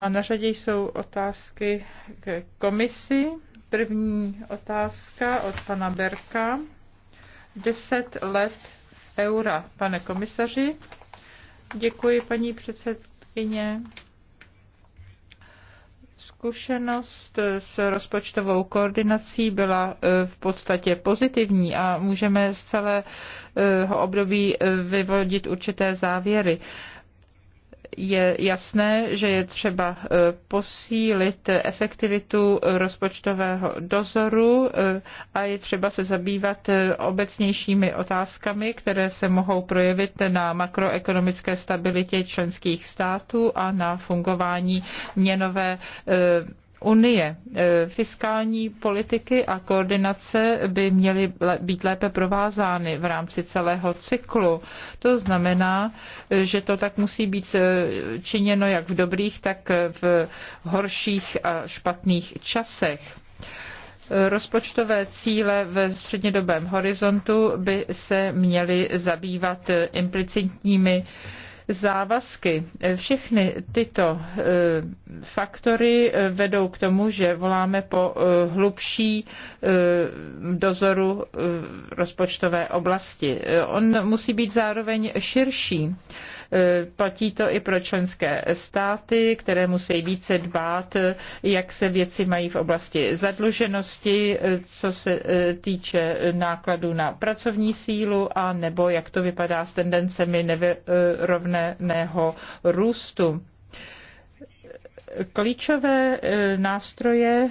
A na řadě jsou otázky k komisi. První otázka od pana Berka. Deset let eura, pane komisaři. Děkuji, paní předsedkyně. Zkušenost s rozpočtovou koordinací byla eh, v podstatě pozitivní a můžeme z celého eh, období eh, vyvodit určité závěry je jasné, že je třeba e, posílit efektivitu rozpočtového dozoru e, a je třeba se zabývat e, obecnějšími otázkami, které se mohou projevit na makroekonomické stabilitě členských států a na fungování měnové unie. Eh, fiskální politiky a koordinace by měly být lépe provázány v rámci celého cyklu. To znamená, eh, že to tak musí být eh, činěno jak v dobrých, tak v horších a špatných časech rozpočtové cíle ve střednědobém horizontu by se měly zabývat implicitními závazky. Všechny tyto eh, faktory eh, vedou k tomu, že voláme po eh, hlubší dozoru rozpočtové oblasti. On musí být zároveň širší. E, platí to i pro členské státy, které musí více dbát, jak se věci mají v oblasti zadluženosti, e, co se e, týče nákladů na pracovní sílu a nebo jak to vypadá s tendencemi nevyrovného růstu. Klíčové nástroje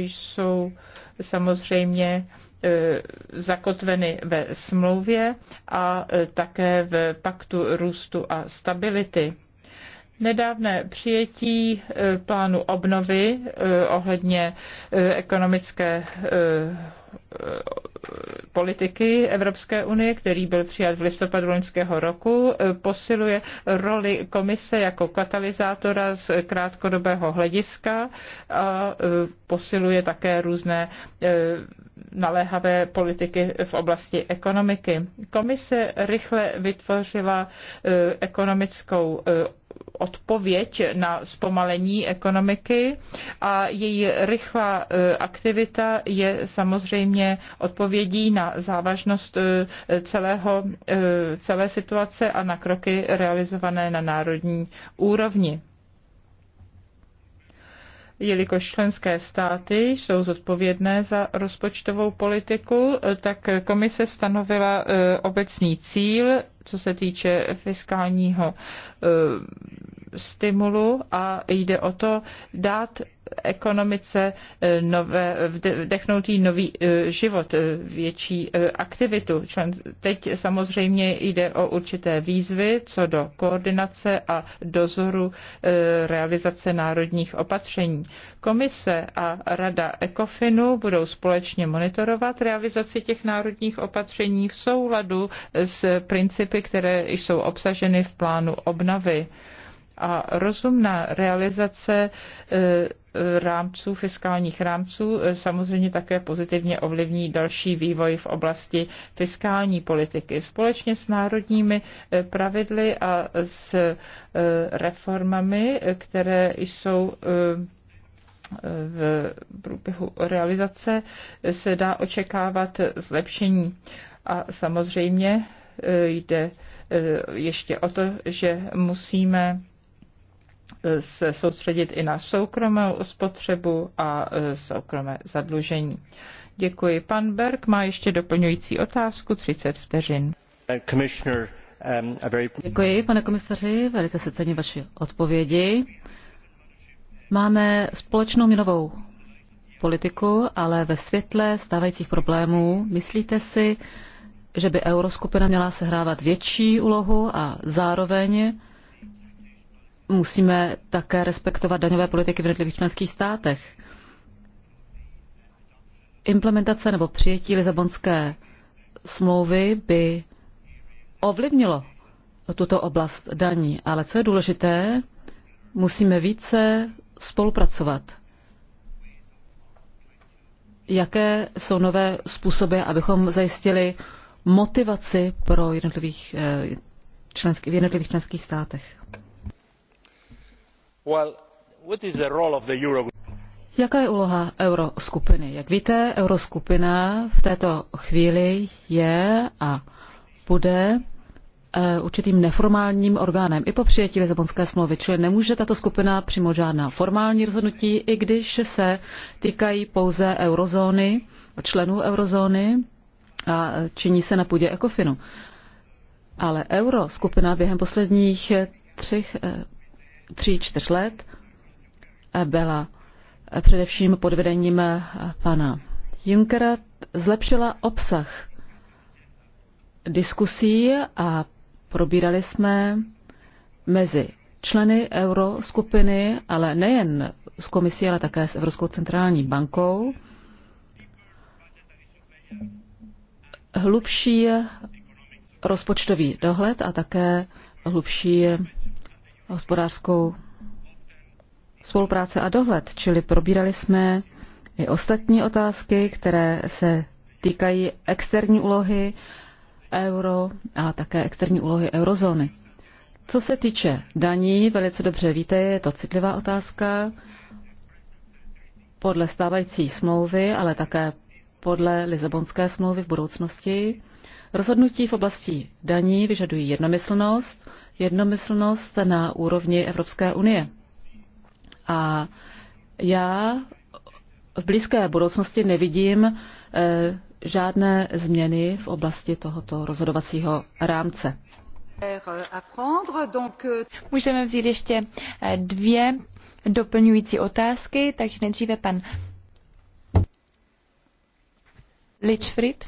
jsou samozřejmě E, zakotveny ve smlouvě a e, také v paktu růstu a stability. Nedávné přijetí e, plánu obnovy e, ohledně e, ekonomické politiky Evropské unie, který byl přijat v listopadu loňského roku, posiluje roli komise jako katalyzátora z krátkodobého hlediska a posiluje také různé naléhavé politiky v oblasti ekonomiky. Komise rychle vytvořila ekonomickou odpověď na zpomalení ekonomiky a její rychlá e, aktivita je samozřejmě odpovědí na závažnost e, celého, e, celé situace a na kroky realizované na národní úrovni jelikož členské státy jsou zodpovědné za rozpočtovou politiku, tak komise stanovila eh, obecný cíl, co se týče fiskálního eh, stimulu a jde o to dát ekonomice eh, nové, vdechnout jí nový eh, život, eh, větší aktivitu. Teď samozřejmě jde o určité výzvy co do koordinace a dozoru realizace národních opatření. Komise a Rada ECOFINu budou společně monitorovat realizaci těch národních opatření v souladu s principy, které jsou obsaženy v plánu obnovy a rozumná realizace e, e, rámců, fiskálních rámců e, samozřejmě také pozitivně ovlivní další vývoj v oblasti fiskální politiky. Společně s národními pravidly a s reformami, které jsou v průběhu realizace, se dá očekávat zlepšení. A samozřejmě jde ještě o to, že musíme se soustředit i na soukromou spotřebu a e, soukromé zadlužení. Děkuji. Pan Berg má ještě doplňující otázku, 30 vteřin. Uh, um, Děkuji, pane komisaři, velice se cením vaši odpovědi. Máme společnou měnovou politiku, ale ve světle stávajících problémů myslíte si, že by euroskupina měla sehrávat větší úlohu a zároveň musíme také respektovat daňové politiky v jednotlivých členských státech. Implementace nebo přijetí Lizabonské smlouvy by ovlivnilo tuto oblast daní, ale co je důležité, musíme více spolupracovat. Jaké jsou nové způsoby, abychom zajistili motivaci pro jednotlivých, členských, v jednotlivých členských státech? Jaká je úloha euroskupiny? Jak víte, euroskupina v této chvíli je a bude eh, určitým neformálním orgánem i po přijetí Lisabonské smlouvy, čili nemůže tato skupina přijmout žádná formální rozhodnutí, i když se týkají pouze eurozóny, členů eurozóny a činí se na půdě ECOFINu. Ale euroskupina během posledních třech eh, tří, čtyř let byla především pod vedením pana Junckera, zlepšila obsah diskusí a probírali jsme mezi členy euroskupiny, ale nejen s komisí, ale také s Evropskou centrální bankou, hlubší rozpočtový dohled a také hlubší hospodářskou spolupráci a dohled, čili probírali jsme i ostatní otázky, které se týkají externí úlohy euro a také externí úlohy eurozóny. Co se týče daní, velice dobře víte, je to citlivá otázka. Podle stávající smlouvy, ale také podle Lizabonské smlouvy v budoucnosti, rozhodnutí v oblasti daní vyžadují jednomyslnost jednomyslnost na úrovni Evropské unie. A já v blízké budoucnosti nevidím eh, žádné změny v oblasti tohoto rozhodovacího rámce. Můžeme vzít ještě eh, dvě doplňující otázky, takže nejdříve pan Lichfried.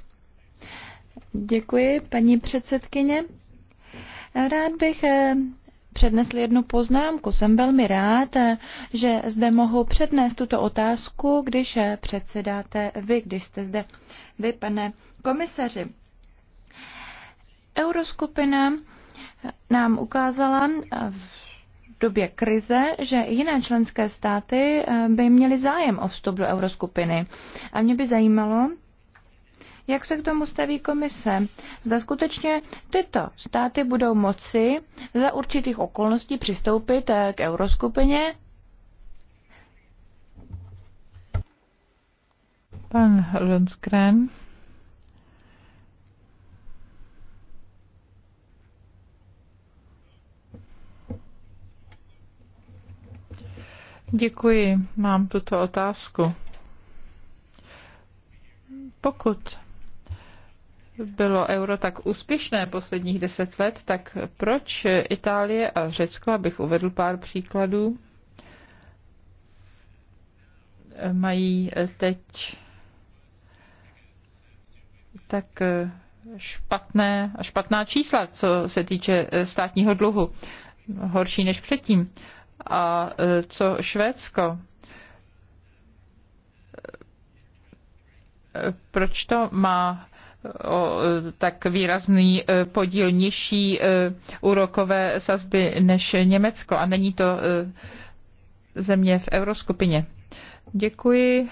Děkuji, paní předsedkyně. Rád bych eh, přednesl jednu poznámku. Jsem velmi rád, eh, že zde mohu přednést tuto otázku, když eh, předsedáte vy, když jste zde vy, pane komisaři. Euroskupina nám ukázala v době krize, že jiné členské státy by měly zájem o vstup do euroskupiny. A mě by zajímalo, jak se k tomu staví komise? Zda skutečně tyto státy budou moci za určitých okolností přistoupit eh, k euroskupině? Pan Lundskren. Děkuji, mám tuto otázku. Pokud bylo euro tak úspěšné posledních deset let, tak proč Itálie a Řecko, abych uvedl pár příkladů, mají teď tak špatné, špatná čísla, co se týče státního dluhu, horší než předtím. A co Švédsko? Proč to má o tak výrazný e, podíl nižší e, úrokové sazby než Německo a není to e, země v euroskupině. Děkuji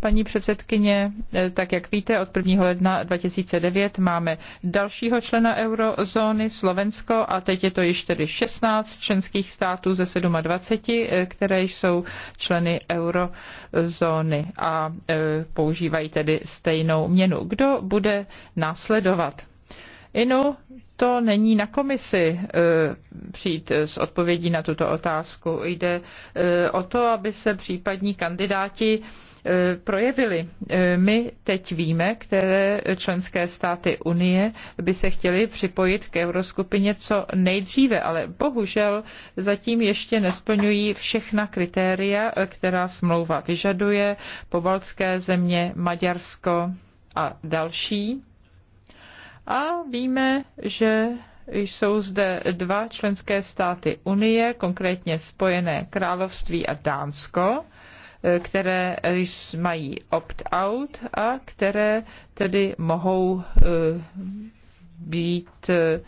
paní předsedkyně. Eh, tak jak víte, od 1. ledna 2009 máme dalšího člena eurozóny, Slovensko, a teď je to již tedy 16 členských států ze 27, eh, které jsou členy eurozóny a eh, používají tedy stejnou měnu. Kdo bude následovat? Inu, to není na komisi eh, přijít s odpovědí na tuto otázku. Jde eh, o to, aby se případní kandidáti eh, projevili. My teď víme, které členské státy Unie by se chtěly připojit k euroskupině co nejdříve, ale bohužel zatím ještě nesplňují všechna kritéria, která smlouva vyžaduje, pobaltské země, Maďarsko a další a víme, že jsou zde dva členské státy Unie, konkrétně Spojené království a Dánsko, eh, které mají opt-out a které tedy mohou eh, být eh,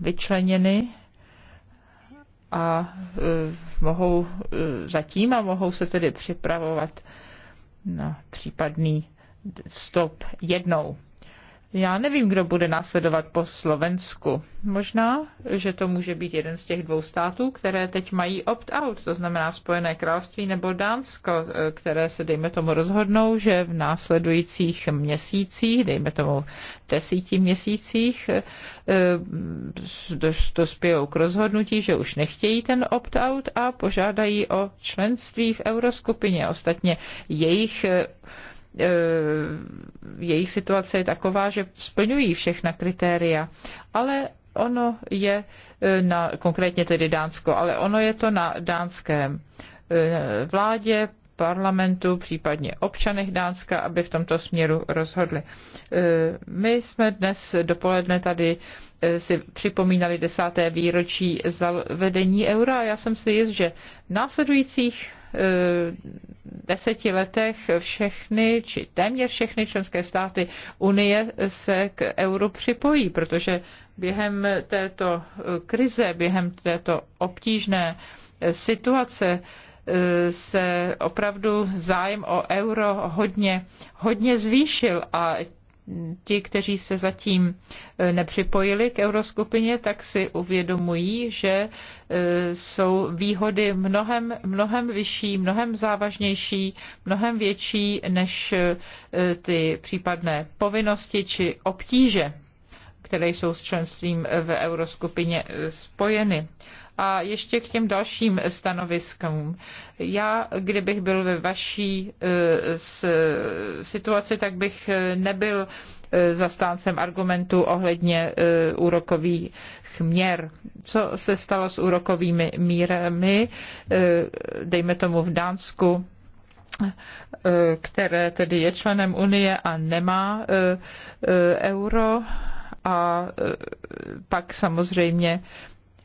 vyčleněny a mohou zatím a mohou se tedy připravovat na případný vstup jednou. Já nevím, kdo bude následovat po Slovensku. Možná, že to může být jeden z těch dvou států, které teď mají opt-out, to znamená Spojené království nebo Dánsko, e, které se, dejme tomu, rozhodnou, že v následujících měsících, dejme tomu desíti měsících, e, dospějou k rozhodnutí, že už nechtějí ten opt-out a požádají o členství v euroskupině. Ostatně jejich e, E, jejich situace je taková, že splňují všechna kritéria, ale ono je e, na, konkrétně tedy Dánsko, ale ono je to na dánském e, vládě, parlamentu, případně občanech Dánska, aby v tomto směru rozhodli. My jsme dnes dopoledne tady si připomínali desáté výročí zavedení eura a já jsem si jist, že v následujících Eh, deseti letech všechny, či téměř všechny členské státy Unie se k euru připojí, protože během této eh, krize, během této obtížné eh, situace se opravdu zájem o euro hodně, hodně zvýšil a ti, kteří se zatím e, nepřipojili k euroskupině, tak si uvědomují, že e, jsou výhody mnohem, mnohem vyšší, mnohem závažnější, mnohem větší než e, ty případné povinnosti či obtíže, které jsou s členstvím v euroskupině spojeny. A ještě k těm dalším stanoviskům. Já, kdybych byl ve vaší eh, situaci, tak bych eh, nebyl eh, zastáncem argumentu ohledně úrokových měr. Co se stalo s úrokovými mírami, dejme tomu v Dánsku, které tedy je členem Unie a nemá euro a pak samozřejmě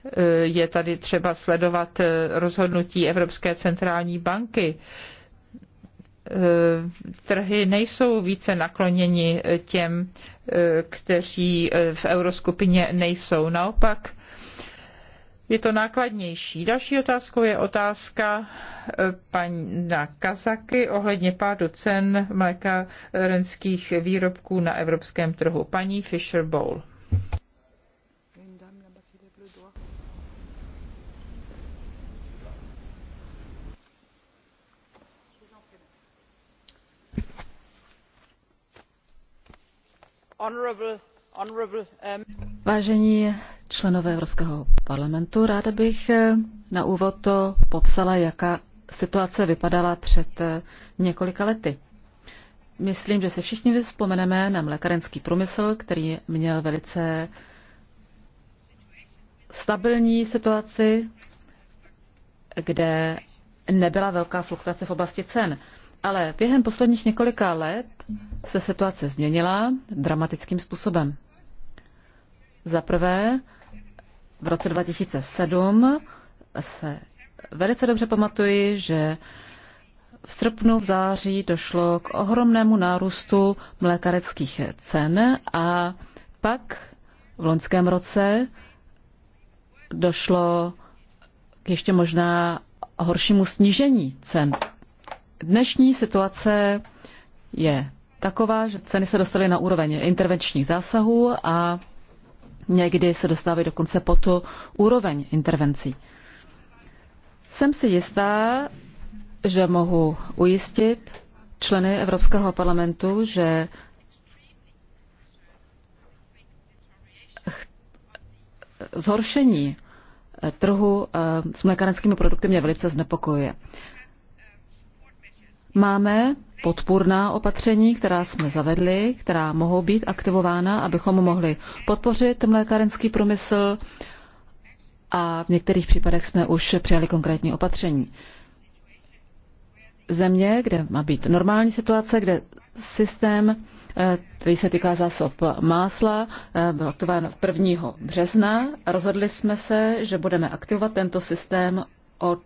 Eh, je tady třeba sledovat eh, rozhodnutí Evropské centrální banky. Eh, trhy nejsou více nakloněni těm, kteří v euroskupině nejsou. Naopak, je to nákladnější. Další otázkou je otázka paní Kazaky ohledně pádu cen mléka renských výrobků na evropském trhu. Paní Fisher Bowl. Um, Vážení členové Evropského parlamentu, ráda bych eh, na úvod to popsala, jaká situace vypadala před eh, několika lety. Myslím, že se všichni vzpomeneme na mlékarenský průmysl, který měl velice stabilní situaci, kde nebyla velká fluktuace v oblasti cen. Ale během posledních několika let se situace změnila dramatickým způsobem. Za prvé, v roce 2007 se velice dobře pamatuji, že v srpnu, v září došlo k ohromnému nárůstu mlékareckých cen a pak v loňském roce došlo k ještě možná horšímu snížení cen Dnešní situace je taková, že ceny se dostaly na úroveň intervenčních zásahů a někdy se dostávají dokonce pod tu úroveň intervencí. Jsem si jistá, že mohu ujistit členy Evropského parlamentu, že zhoršení trhu eh, s mlékárenskými produkty mě velice znepokojuje. Máme podpůrná opatření, která jsme zavedli, která mohou být aktivována, abychom mohli podpořit mlékárenský průmysl a v některých případech jsme už přijali konkrétní opatření. Země, kde má být normální situace, kde systém, eh, který se týká zásob másla, eh, byl aktivován 1. března. Rozhodli jsme se, že budeme aktivovat tento systém od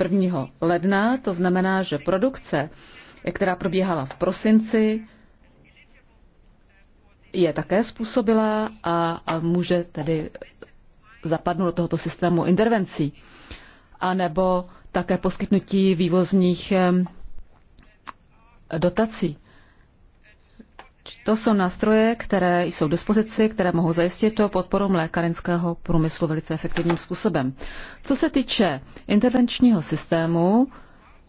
1. ledna. To znamená, že produkce, která probíhala v prosinci, je také způsobila a, a může tedy zapadnout do tohoto systému intervencí. A nebo také poskytnutí vývozních dotací. To jsou nástroje, které jsou k dispozici, které mohou zajistit to podporu mlékárenského průmyslu velice efektivním způsobem. Co se týče intervenčního systému,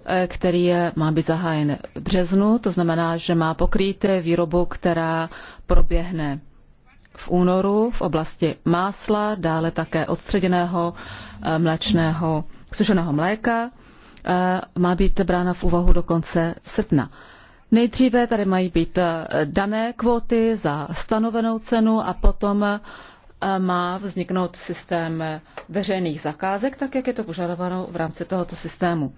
eh, který je, má být zahájen v březnu, to znamená, že má pokrýt výrobu, která proběhne v únoru v oblasti másla, dále také odstředěného eh, mléčného sušeného mléka, eh, má být brána v úvahu do konce srpna. Nejdříve tady mají být eh, dané kvóty za stanovenou cenu a potom eh, má vzniknout systém eh, veřejných zakázek, tak jak je to požadováno v rámci tohoto systému.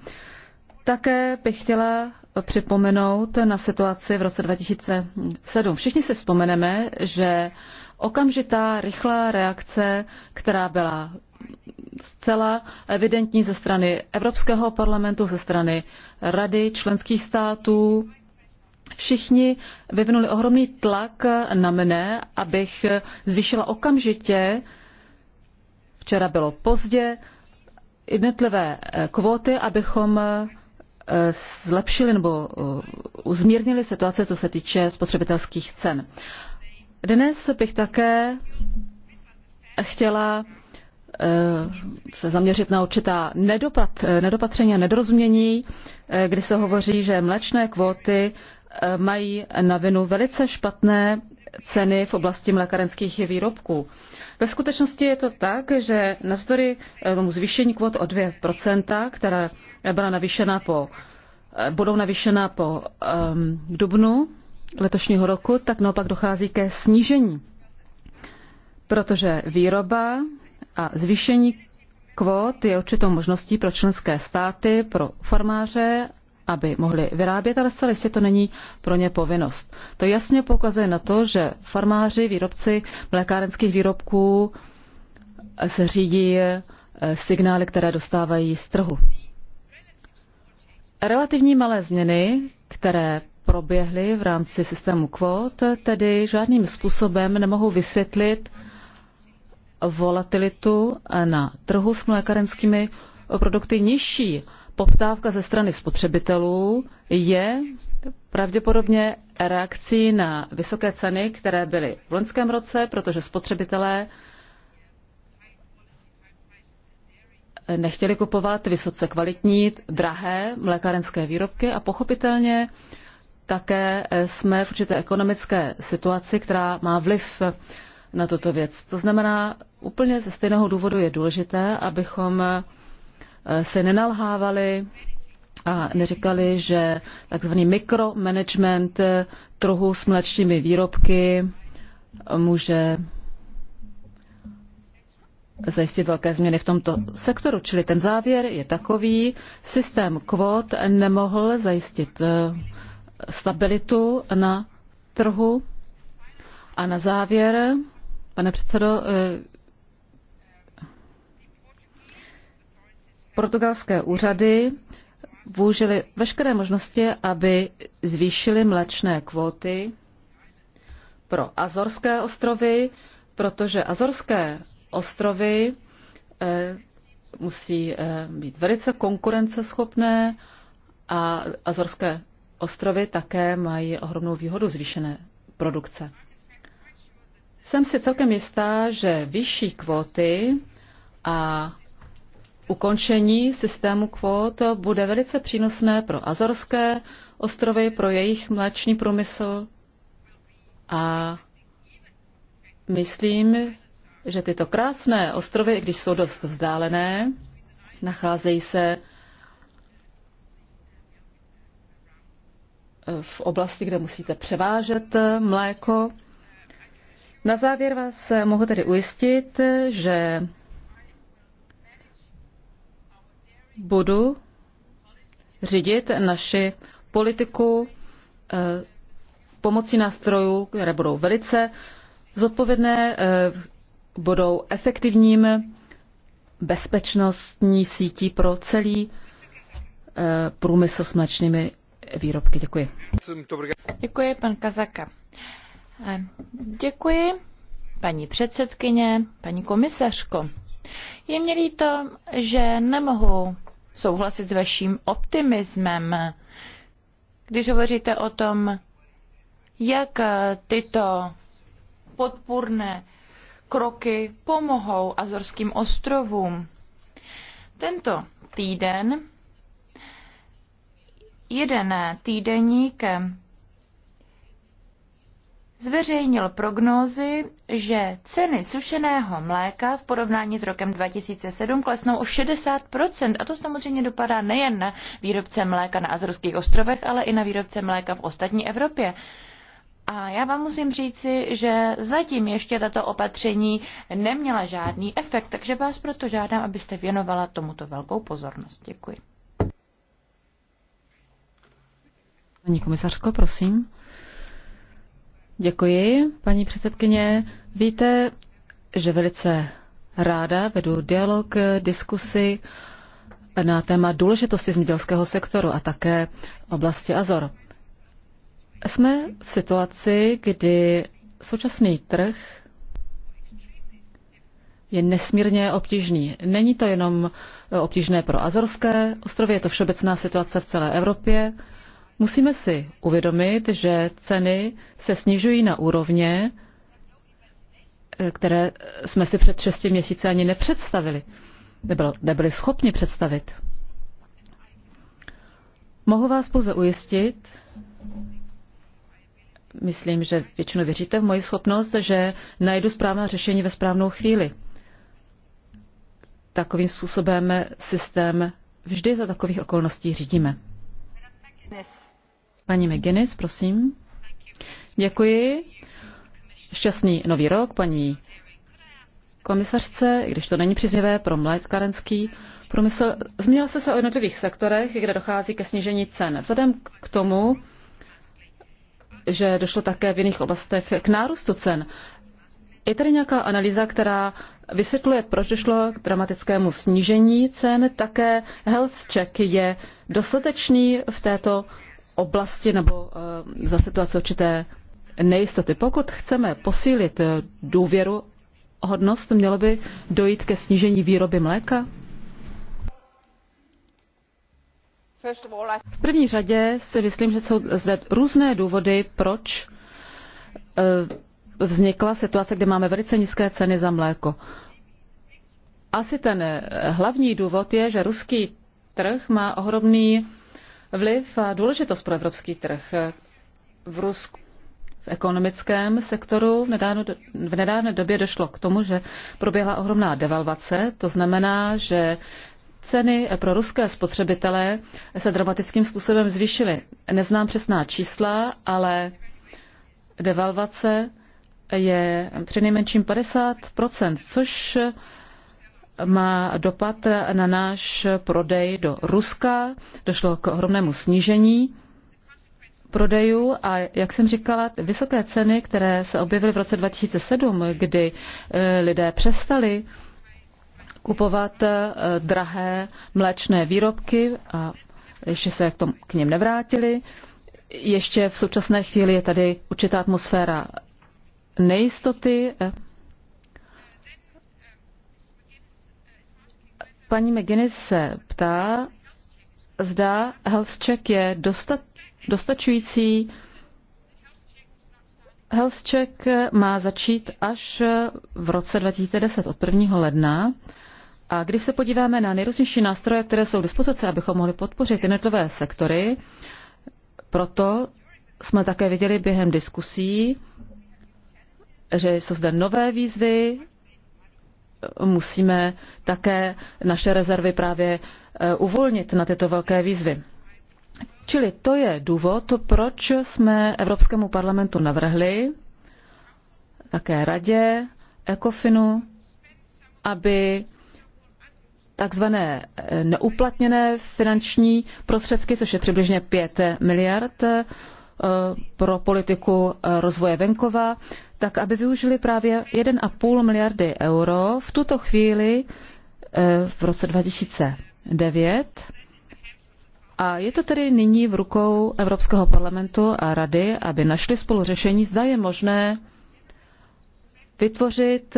Také bych chtěla připomenout na situaci v roce 2007. Všichni si vzpomeneme, že okamžitá rychlá reakce, která byla zcela evidentní ze strany Evropského parlamentu, ze strany Rady členských států, všichni vyvinuli ohromný tlak na mne, abych zvýšila okamžitě, včera bylo pozdě, jednotlivé eh, kvóty, abychom eh, zlepšili nebo eh, uzmírnili situace, co se týče spotřebitelských cen. Dnes bych také chtěla se zaměřit na určitá nedopat, nedopatření a nedorozumění, kdy se hovoří, že mléčné kvóty Eh, mají na vinu velice špatné ceny v oblasti mlékarenských výrobků. Ve skutečnosti je to tak, že navzdory eh, tomu zvýšení kvot o 2%, která byla navýšena po, eh, budou navýšena po um, dubnu letošního roku, tak naopak dochází ke snížení, protože výroba a zvýšení kvot je určitou možností pro členské státy, pro farmáře aby mohli vyrábět, ale zcela jistě to není pro ně povinnost. To jasně poukazuje na to, že farmáři, výrobci mlékárenských výrobků se řídí eh, signály, které dostávají z trhu. Relativní malé změny, které proběhly v rámci systému kvót, tedy žádným způsobem nemohou vysvětlit volatilitu na trhu s mlékarenskými produkty nižší poptávka ze strany spotřebitelů je pravděpodobně reakcí na vysoké ceny, které byly v loňském roce, protože spotřebitelé nechtěli kupovat vysoce kvalitní, drahé mlékárenské výrobky a pochopitelně také jsme v určité ekonomické situaci, která má vliv na tuto věc. To znamená, úplně ze stejného důvodu je důležité, abychom Eh, se nenalhávali a neříkali, že takzvaný mikromanagement eh, trhu s mléčnými výrobky eh, může zajistit velké změny v tomto sektoru. Čili ten závěr je takový, systém kvot nemohl zajistit stabilitu na trhu. A na závěr, pane předsedo, portugalské úřady vůžily veškeré možnosti, aby zvýšili mléčné kvóty pro Azorské ostrovy, protože Azorské ostrovy eh, musí eh, být velice konkurenceschopné a Azorské ostrovy také mají ohromnou výhodu zvýšené produkce. Jsem si celkem jistá, že vyšší kvóty a ukončení systému kvót bude velice přínosné pro Azorské ostrovy, pro jejich mléční průmysl a myslím, že tyto krásné ostrovy, i když jsou dost vzdálené, nacházejí se v oblasti, kde musíte převážet mléko. Na závěr vás mohu tedy ujistit, že budu řídit naši politiku eh, pomocí nástrojů, které budou velice zodpovědné, eh, budou efektivním bezpečnostní sítí pro celý eh, průmysl s mlečnými výrobky. Děkuji. Děkuji, pan Kazaka. Děkuji, paní předsedkyně, paní komisařko. Je mi líto, že nemohu souhlasit s vaším optimismem, když hovoříte o tom, jak tyto podpůrné kroky pomohou Azorským ostrovům. Tento týden jeden týdeník zveřejnil prognózy, že ceny sušeného mléka v porovnání s rokem 2007 klesnou o 60%. A to samozřejmě dopadá nejen na výrobce mléka na Azorských ostrovech, ale i na výrobce mléka v ostatní Evropě. A já vám musím říci, že zatím ještě tato opatření neměla žádný efekt, takže vás proto žádám, abyste věnovala tomuto velkou pozornost. Děkuji. Paní komisařko, prosím. Děkuji, paní předsedkyně. Víte, že velice ráda vedu dialog, diskusy na téma důležitosti zemědělského sektoru a také oblasti Azor. Jsme v situaci, kdy současný trh je nesmírně obtížný. Není to jenom obtížné pro Azorské ostrovy, je to všeobecná situace v celé Evropě. Musíme si uvědomit, že ceny se snižují na úrovně, eh, které jsme si před šesti měsíci ani nepředstavili, nebyl, nebyli schopni představit. Mohu vás pouze ujistit, myslím, že většinou věříte v moji schopnost, že najdu správná řešení ve správnou chvíli. Takovým způsobem systém vždy za takových okolností řídíme. Yes. Paní McGuinness, prosím. Děkuji. Šťastný nový rok, paní komisařce, když to není příznivé pro karenský průmysl. Zmínila se se o jednotlivých sektorech, kde dochází ke snížení cen. Vzhledem k tomu, že došlo také v jiných oblastech k nárůstu cen, je tady nějaká analýza, která vysvětluje, proč došlo k dramatickému snížení cen. Také health check je dostatečný v této oblasti nebo eh, za situace určité nejistoty. Pokud chceme posílit eh, důvěru hodnost, mělo by dojít ke snížení výroby mléka? V první řadě si myslím, že jsou zde různé důvody, proč eh, vznikla situace, kde máme velice nízké ceny za mléko. Asi ten hlavní důvod je, že ruský trh má ohromný vliv a důležitost pro evropský trh. V Rusku v ekonomickém sektoru v, nedávno, v nedávné době došlo k tomu, že proběhla ohromná devalvace. To znamená, že ceny pro ruské spotřebitele se dramatickým způsobem zvýšily. Neznám přesná čísla, ale devalvace je přinejmenším 50%, což má dopad na náš prodej do Ruska. Došlo k ohromnému snížení prodejů a, jak jsem říkala, vysoké ceny, které se objevily v roce 2007, kdy eh, lidé přestali kupovat eh, drahé mléčné výrobky a ještě se k, tomu k ním nevrátili. Ještě v současné chvíli je tady určitá atmosféra nejistoty, eh, Paní McGuinness se ptá, zda health check je dosta, dostačující. Health check má začít až v roce 2010 od 1. ledna. A když se podíváme na nejrůznější nástroje, které jsou k dispozici, abychom mohli podpořit jednotlivé sektory, proto jsme také viděli během diskusí, že jsou zde nové výzvy, musíme také naše rezervy právě eh, uvolnit na tyto velké výzvy. Čili to je důvod, proč jsme Evropskému parlamentu navrhli, také radě, ECOFINu, aby takzvané eh, neuplatněné finanční prostředky, což je přibližně 5 miliard, Eh, pro politiku eh, rozvoje venkova, tak aby využili právě 1,5 miliardy euro v tuto chvíli eh, v roce 2009. A je to tedy nyní v rukou Evropského parlamentu a rady, aby našli spolu řešení, zda je možné vytvořit,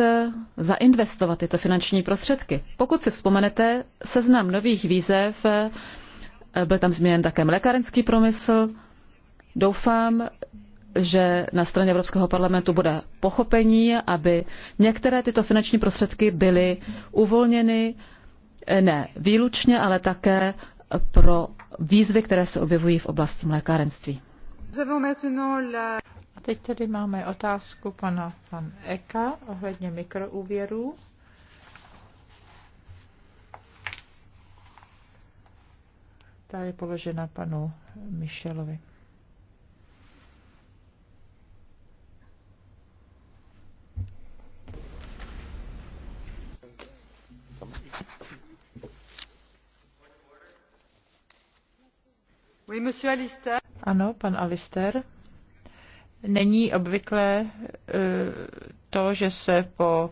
zainvestovat tyto finanční prostředky. Pokud si vzpomenete, seznam nových výzev, byl tam změněn také mlékárenský promysl, Doufám, že na straně Evropského parlamentu bude pochopení, aby některé tyto finanční prostředky byly uvolněny ne výlučně, ale také pro výzvy, které se objevují v oblasti mlékárenství. A teď tedy máme otázku pana pan Eka ohledně mikroúvěrů. Ta je položena panu Michelovi. Ano, pan Alister. Není obvyklé eh, to, že se po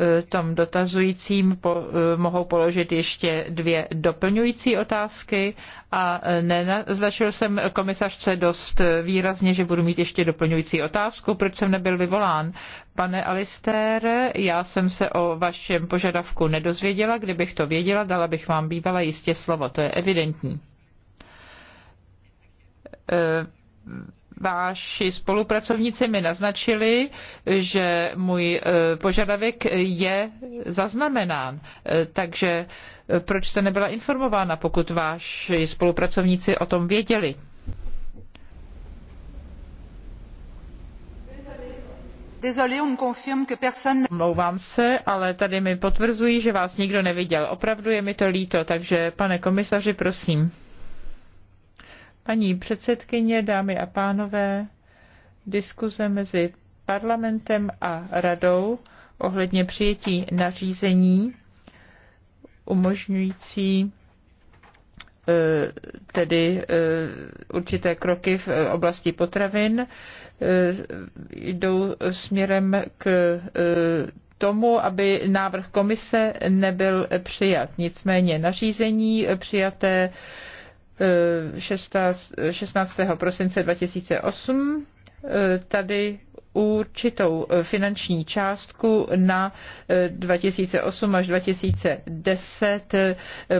eh, tom dotazujícím po, eh, mohou položit ještě dvě doplňující otázky a nenaznačil jsem komisařce dost výrazně, že budu mít ještě doplňující otázku, proč jsem nebyl vyvolán. Pane Alistér, já jsem se o vašem požadavku nedozvěděla, kdybych to věděla, dala bych vám bývala jistě slovo, to je evidentní. Eh, váši spolupracovníci mi naznačili, že můj eh, požadavek je zaznamenán. Eh, takže proč jste nebyla informována, pokud váši spolupracovníci o tom věděli? Mlouvám se, ale tady mi potvrzují, že vás nikdo neviděl. Opravdu je mi to líto, takže pane komisaři, prosím. Paní předsedkyně, dámy a pánové, diskuze mezi parlamentem a radou ohledně přijetí nařízení umožňující eh, tedy eh, určité kroky v oblasti potravin eh, jdou směrem k tomu, aby návrh komise nebyl přijat. Nicméně nařízení přijaté 16. prosince 2008 eh, tady určitou eh, finanční částku na 2008 eh, až 2010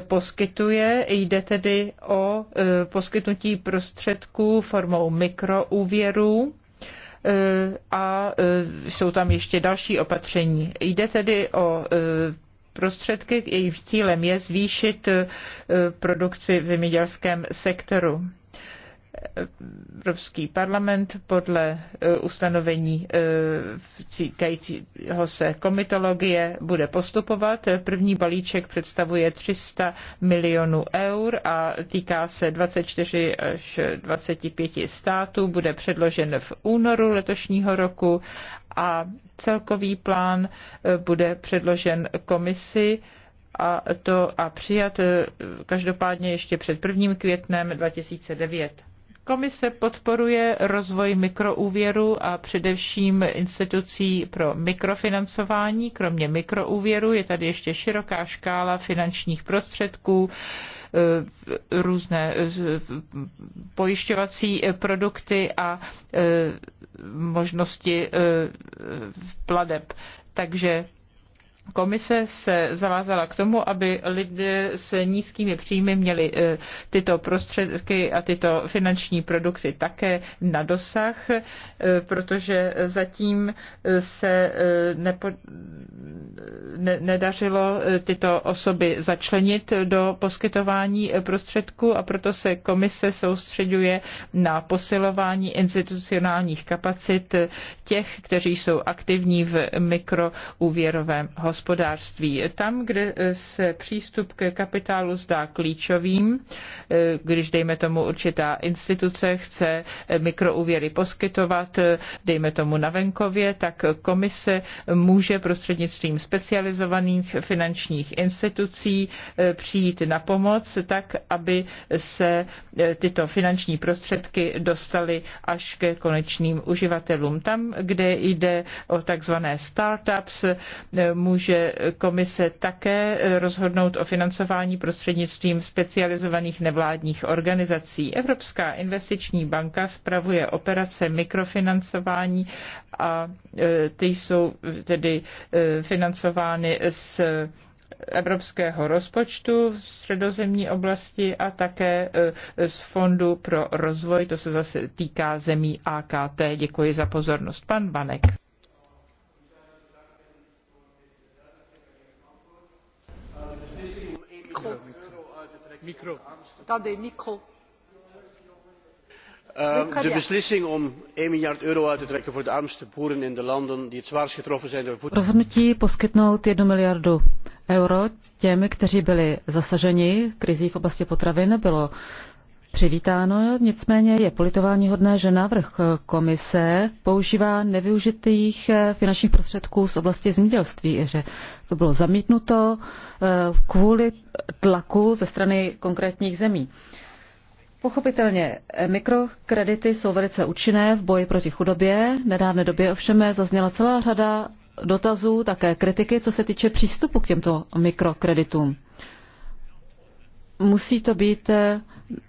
poskytuje. Jde tedy o poskytnutí prostředků formou mikroúvěrů a jsou tam ještě další opatření. Jde tedy o prostředky, jejich cílem je zvýšit eh, produkci v zemědělském sektoru. Evropský parlament podle eh, ustanovení eh, týkajícího se komitologie bude postupovat. První balíček představuje 300 milionů eur a týká se 24 až 25 států. Bude předložen v únoru letošního roku a celkový plán eh, bude předložen komisi a to a přijat každopádně ještě před 1. květnem 2009. Komise podporuje rozvoj mikroúvěru a především institucí pro mikrofinancování. Kromě mikroúvěru je tady ještě široká škála finančních prostředků, eh, různé eh, pojišťovací eh, produkty a možnosti pladeb. Takže Komise se zavázala k tomu, aby lidé s nízkými příjmy měli eh, tyto prostředky a tyto finanční produkty také na dosah, eh, protože zatím eh, se nepo, ne, nedařilo tyto osoby začlenit do poskytování prostředků a proto se komise soustředuje na posilování institucionálních kapacit těch, kteří jsou aktivní v mikroúvěrovém hospodářství hospodářství. Tam, kde eh, se přístup ke kapitálu zdá klíčovým, eh, když dejme tomu určitá instituce chce eh, mikroúvěry poskytovat, dejme tomu na venkově, tak komise může prostřednictvím specializovaných finančních institucí přijít na pomoc tak, aby se tyto finanční prostředky dostaly až ke konečným uživatelům. Tam, kde jde o takzvané startups, může může komise také rozhodnout o financování prostřednictvím specializovaných nevládních organizací. Evropská investiční banka spravuje operace mikrofinancování a e, ty jsou tedy e, financovány z evropského rozpočtu v středozemní oblasti a také e, z Fondu pro rozvoj, to se zase týká zemí AKT. Děkuji za pozornost. Pan Vanek. Ehm, de beslissing om één miljard euro uit te trekken voor de armste boeren in de landen die het zwaarst getroffen zijn door voedsel. rozhodnutí poskytnout jednu miliardu euro těm kteří byli zasaženi krizí v oblasti potravin bylo přivítáno, nicméně je politování hodné, že návrh komise používá nevyužitých eh, finančních prostředků z oblasti zemědělství, že to bylo zamítnuto eh, kvůli tlaku ze strany konkrétních zemí. Pochopitelně, eh, mikrokredity jsou velice účinné v boji proti chudobě. nedávné době ovšem zazněla celá řada dotazů, také kritiky, co se týče přístupu k těmto mikrokreditům. Musí to být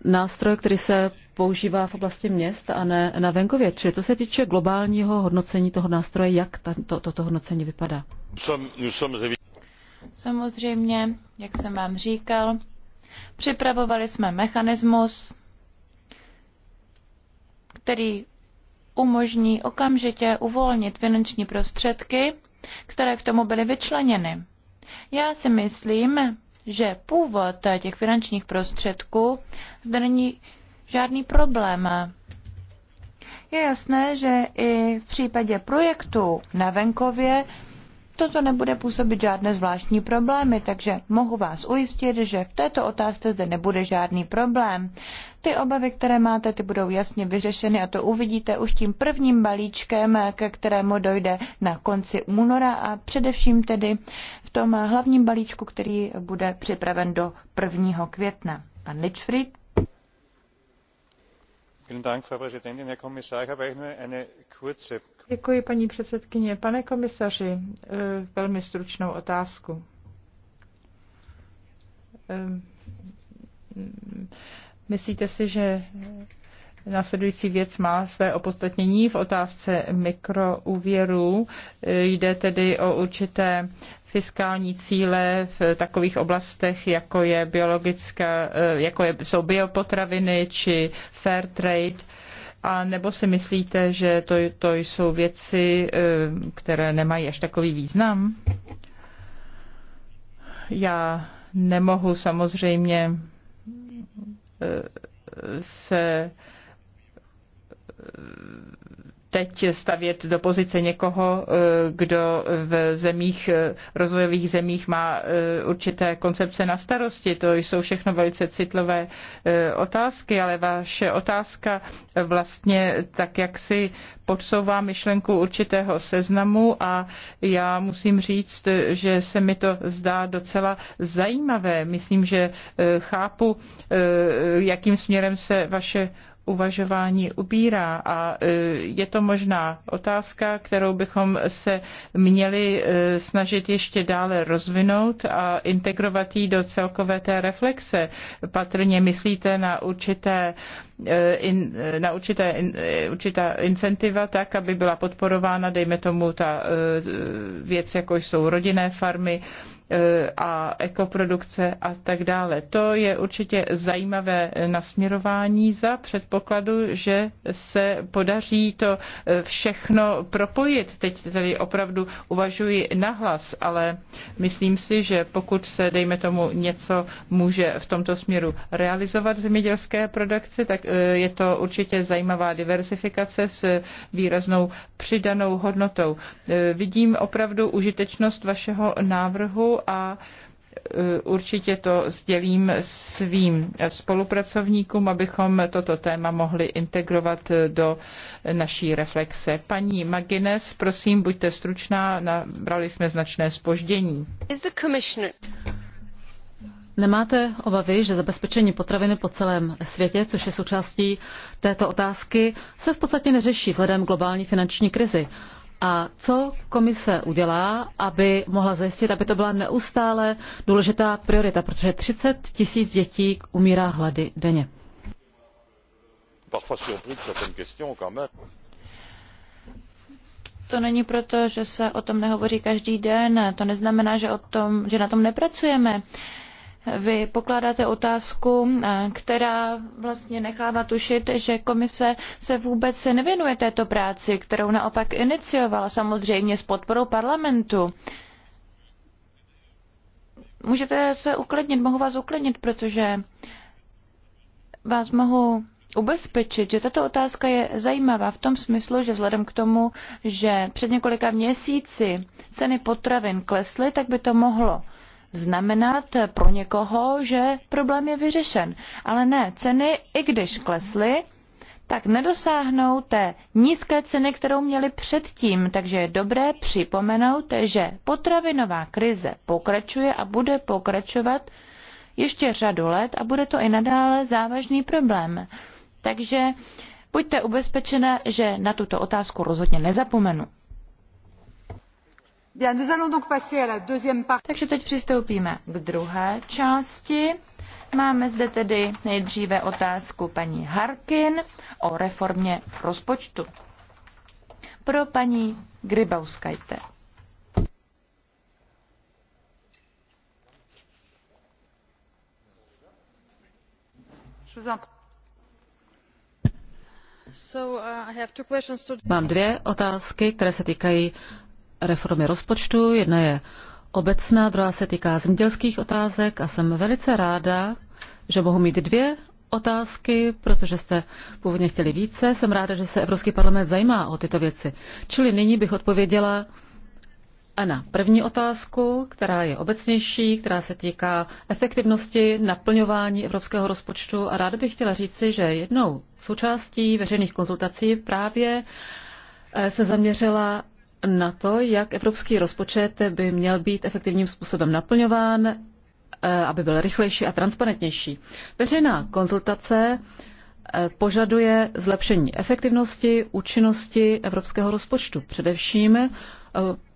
nástroj, který se používá v oblasti měst a ne na venkově. Čili co se týče globálního hodnocení toho nástroje, jak toto to, to hodnocení vypadá? Samozřejmě, jak jsem vám říkal, připravovali jsme mechanismus, který umožní okamžitě uvolnit finanční prostředky, které k tomu byly vyčleněny. Já si myslím, že původ těch finančních prostředků zde není žádný problém. Je jasné, že i v případě projektu na venkově toto nebude působit žádné zvláštní problémy, takže mohu vás ujistit, že v této otázce zde nebude žádný problém. Ty obavy, které máte, ty budou jasně vyřešeny a to uvidíte už tím prvním balíčkem, ke kterému dojde na konci února a především tedy tom hlavním balíčku, který bude připraven do 1. května. Pan Litschfried. Děkuji, paní předsedkyně. Pane komisaři, eh, velmi stručnou otázku eh, myslíte si, že Následující věc má své opodstatnění v otázce mikroúvěrů. Eh, jde tedy o určité fiskální cíle v takových oblastech, jako, je biologická, eh, jako je, jsou biopotraviny či fair trade. A nebo si myslíte, že to, to jsou věci, eh, které nemají až takový význam? Já nemohu samozřejmě eh, se teď stavět do pozice někoho, eh, kdo v zemích, eh, rozvojových zemích má eh, určité koncepce na starosti. To jsou všechno velice citlivé otázky, ale vaše otázka vlastně tak, jak si podsouvá myšlenku určitého seznamu a já musím říct, že se mi to zdá docela zajímavé. Myslím, že chápu, jakým směrem se vaše uvažování ubírá. A e, je to možná otázka, kterou bychom se měli e, snažit ještě dále rozvinout a integrovat ji do celkové té reflexe. Patrně myslíte na určité Eh, in, eh, na určité, in, eh, určitá incentiva tak, aby byla podporována, dejme tomu, ta věc, jako jsou rodinné farmy a ekoprodukce a tak dále. To je určitě zajímavé nasměrování za předpokladu, že se podaří to všechno propojit. Teď tady opravdu uvažuji nahlas, ale myslím si, že pokud se, dejme tomu, něco může v tomto směru realizovat v zemědělské produkci, tak, je to určitě zajímavá diversifikace s výraznou přidanou hodnotou. Vidím opravdu užitečnost vašeho návrhu a e, určitě to sdělím svým spolupracovníkům, abychom toto téma mohli integrovat do naší reflexe. Paní Magines, prosím, buďte stručná, nabrali jsme značné spoždění. Nemáte obavy, že zabezpečení potraviny po celém světě, což je součástí této otázky, se v podstatě neřeší vzhledem globální finanční krizi? A co komise udělá, aby mohla zajistit, aby to byla neustále důležitá priorita, protože 30 tisíc dětí umírá hlady denně? To není proto, že se o tom nehovoří každý den. To neznamená, že, o tom, že na tom nepracujeme. Uh, vy pokládáte otázku, eh, která vlastně nechává tušit, že komise se vůbec nevěnuje této práci, kterou naopak iniciovala samozřejmě s podporou parlamentu. Můžete se uklidnit, mohu vás uklidnit, protože vás mohu ubezpečit, že tato otázka je zajímavá v tom smyslu, že vzhledem k tomu, že před několika měsíci ceny potravin klesly, tak by to mohlo znamenat pro někoho, že problém je vyřešen. Ale ne, ceny, i když klesly, tak nedosáhnou té nízké ceny, kterou měli předtím. Takže je dobré připomenout, že potravinová krize pokračuje a bude pokračovat ještě řadu let a bude to i nadále závažný problém. Takže buďte ubezpečena, že na tuto otázku rozhodně nezapomenu. Takže teď přistoupíme k druhé části. Máme zde tedy nejdříve otázku paní Harkin o reformě rozpočtu. Pro paní Grybauskajte. Uh, Mám dvě otázky, které se týkají reformy rozpočtu. Jedna je obecná, druhá se týká zemědělských otázek a jsem velice ráda, že mohu mít dvě otázky, protože jste původně chtěli více. Jsem ráda, že se Evropský parlament zajímá o tyto věci. Čili nyní bych odpověděla a na první otázku, která je obecnější, která se týká efektivnosti naplňování evropského rozpočtu a ráda bych chtěla říci, že jednou součástí veřejných konzultací právě eh, se zaměřila na to, jak evropský rozpočet by měl být efektivním způsobem naplňován, eh, aby byl rychlejší a transparentnější. Veřejná konzultace eh, požaduje zlepšení efektivnosti, účinnosti evropského rozpočtu, především eh,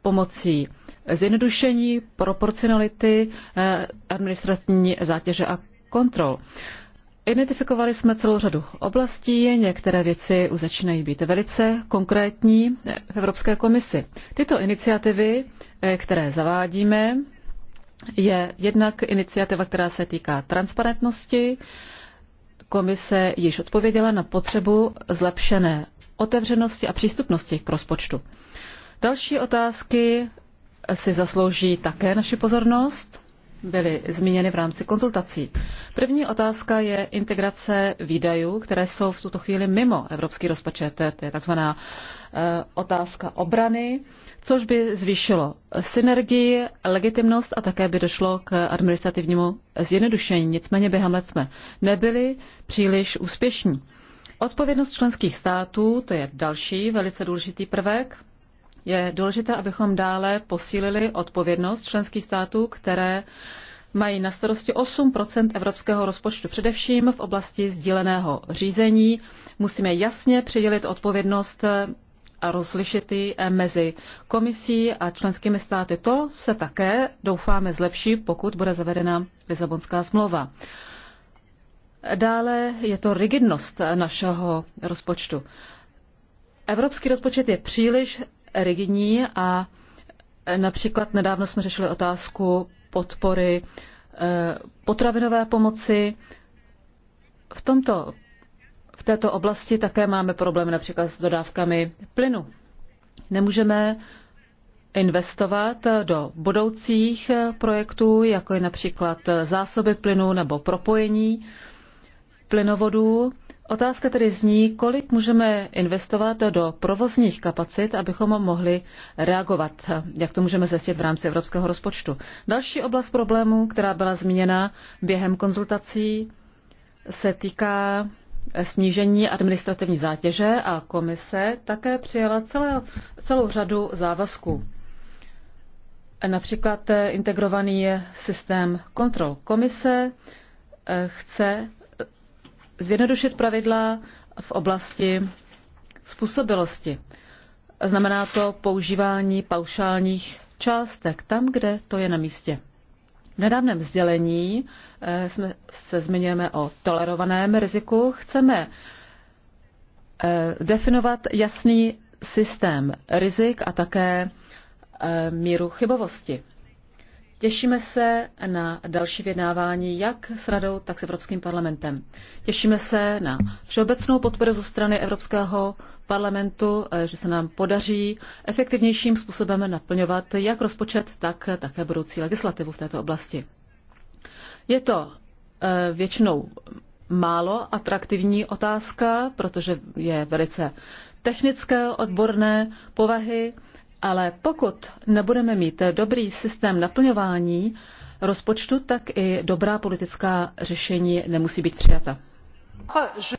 pomocí zjednodušení, proporcionality, administrativní zátěže a kontrol. Identifikovali jsme celou řadu oblastí, některé věci už začínají být velice konkrétní v Evropské komisi. Tyto iniciativy, eh, které zavádíme, je jednak iniciativa, která se týká transparentnosti. Komise již odpověděla na potřebu zlepšené otevřenosti a přístupnosti k rozpočtu. Další otázky si zaslouží také naši pozornost byly zmíněny v rámci konzultací. První otázka je integrace výdajů, které jsou v tuto chvíli mimo evropský rozpočet. To je takzvaná eh, otázka obrany, což by zvýšilo synergii, legitimnost a také by došlo k administrativnímu zjednodušení. Nicméně během let jsme nebyli příliš úspěšní. Odpovědnost členských států, to je další velice důležitý prvek. Je důležité, abychom dále posílili odpovědnost členských států, které mají na starosti 8 evropského rozpočtu, především v oblasti sdíleného řízení. Musíme jasně přidělit odpovědnost a rozlišit ji mezi komisí a členskými státy. To se také, doufáme, zlepší, pokud bude zavedena Lisabonská smlouva. Dále je to rigidnost našeho rozpočtu. Evropský rozpočet je příliš rigidní a například nedávno jsme řešili otázku podpory eh, potravinové pomoci. V, tomto, v této oblasti také máme problém například s dodávkami plynu. Nemůžeme investovat do budoucích projektů, jako je například zásoby plynu nebo propojení plynovodů. Otázka tedy zní, kolik můžeme investovat do provozních kapacit, abychom mohli reagovat, jak to můžeme zjistit v rámci evropského rozpočtu. Další oblast problémů, která byla zmíněna během konzultací, se týká snížení administrativní zátěže a komise také přijala celé, celou řadu závazků. Například integrovaný systém kontrol komise eh, chce zjednodušit pravidla v oblasti způsobilosti. Znamená to používání paušálních částek tam, kde to je na místě. V nedávném sdělení eh, jsme, se zmiňujeme o tolerovaném riziku. Chceme eh, definovat jasný systém rizik a také eh, míru chybovosti. Těšíme se na další vědnávání jak s Radou, tak s Evropským parlamentem. Těšíme se na všeobecnou podporu ze strany Evropského parlamentu, eh, že se nám podaří efektivnějším způsobem naplňovat jak rozpočet, tak také budoucí legislativu v této oblasti. Je to eh, většinou málo atraktivní otázka, protože je velice technické, odborné povahy. Ale pokud nebudeme mít dobrý systém naplňování rozpočtu, tak i dobrá politická řešení nemusí být přijata.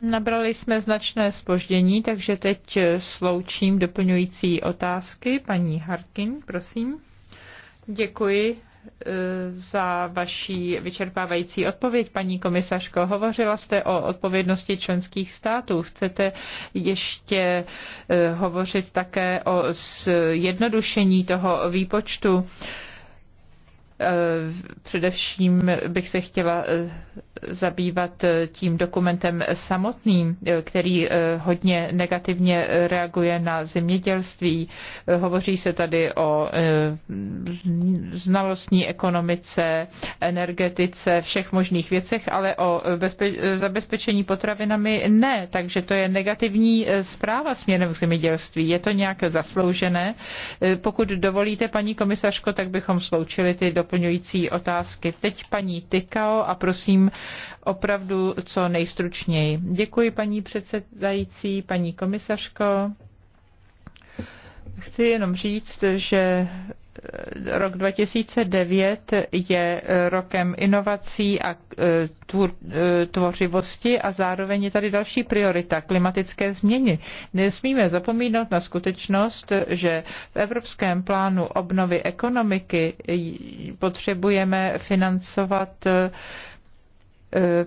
Nabrali jsme značné spoždění, takže teď sloučím doplňující otázky. Paní Harkin, prosím. Děkuji, za vaší vyčerpávající odpověď, paní komisařko. Hovořila jste o odpovědnosti členských států. Chcete ještě eh, hovořit také o zjednodušení toho výpočtu? Eh, především bych se chtěla eh, zabývat eh, tím dokumentem samotným, eh, který eh, hodně negativně reaguje na zemědělství. Hovoří se tady o znalostní ekonomice, energetice, všech možných věcech, ale o zabezpečení potravinami ne. Takže to je negativní zpráva směrem k zemědělství. Je to nějak zasloužené. Pokud dovolíte, paní komisařko, tak bychom sloučili ty doplňující otázky. Teď paní Tykao a prosím, opravdu co nejstručněji. Děkuji paní předsedající, paní komisařko. Chci jenom říct, že rok 2009 je rokem inovací a e, tvůr, e, tvořivosti a zároveň je tady další priorita klimatické změny. Nesmíme zapomínat na skutečnost, že v Evropském plánu obnovy ekonomiky potřebujeme financovat e, Eh,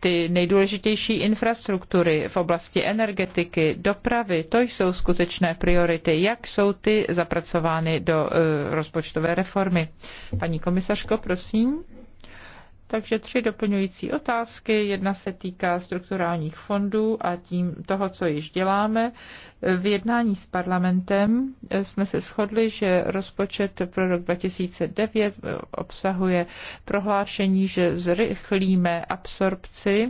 ty nejdůležitější infrastruktury v oblasti energetiky, dopravy, to jsou skutečné priority. Jak jsou ty zapracovány do eh, rozpočtové reformy? Paní komisařko, prosím. Takže tři doplňující otázky. Jedna se týká strukturálních fondů a tím toho, co již děláme. V jednání s parlamentem jsme se shodli, že rozpočet pro rok 2009 obsahuje prohlášení, že zrychlíme absorpci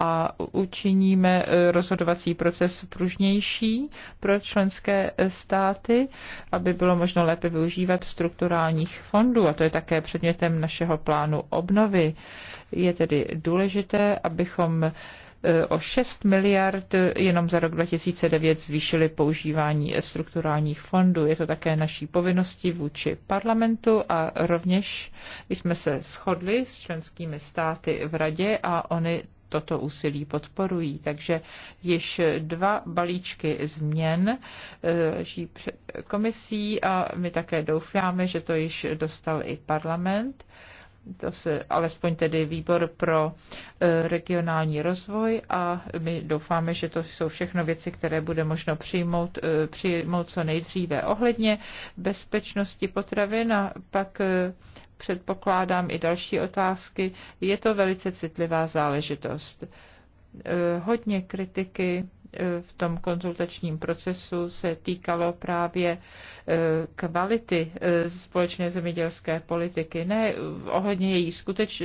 a učiníme e, rozhodovací proces pružnější pro členské e, státy, aby bylo možno lépe využívat strukturálních fondů. A to je také předmětem našeho plánu obnovy. Je tedy důležité, abychom e, o 6 miliard jenom za rok 2009 zvýšili používání strukturálních fondů. Je to také naší povinnosti vůči parlamentu a rovněž jsme se shodli s členskými státy v radě a oni toto úsilí podporují. Takže již dva balíčky změn eh, leží před komisí a my také doufáme, že to již dostal i parlament to se alespoň tedy výbor pro eh, regionální rozvoj a my doufáme, že to jsou všechno věci, které bude možno přijmout, eh, přijmout co nejdříve ohledně bezpečnosti potravin a pak předpokládám i další otázky. Je to velice citlivá záležitost. Eh, hodně kritiky eh, v tom konzultačním procesu se týkalo právě eh, kvality společné zemědělské politiky. Ne ohledně její skuteč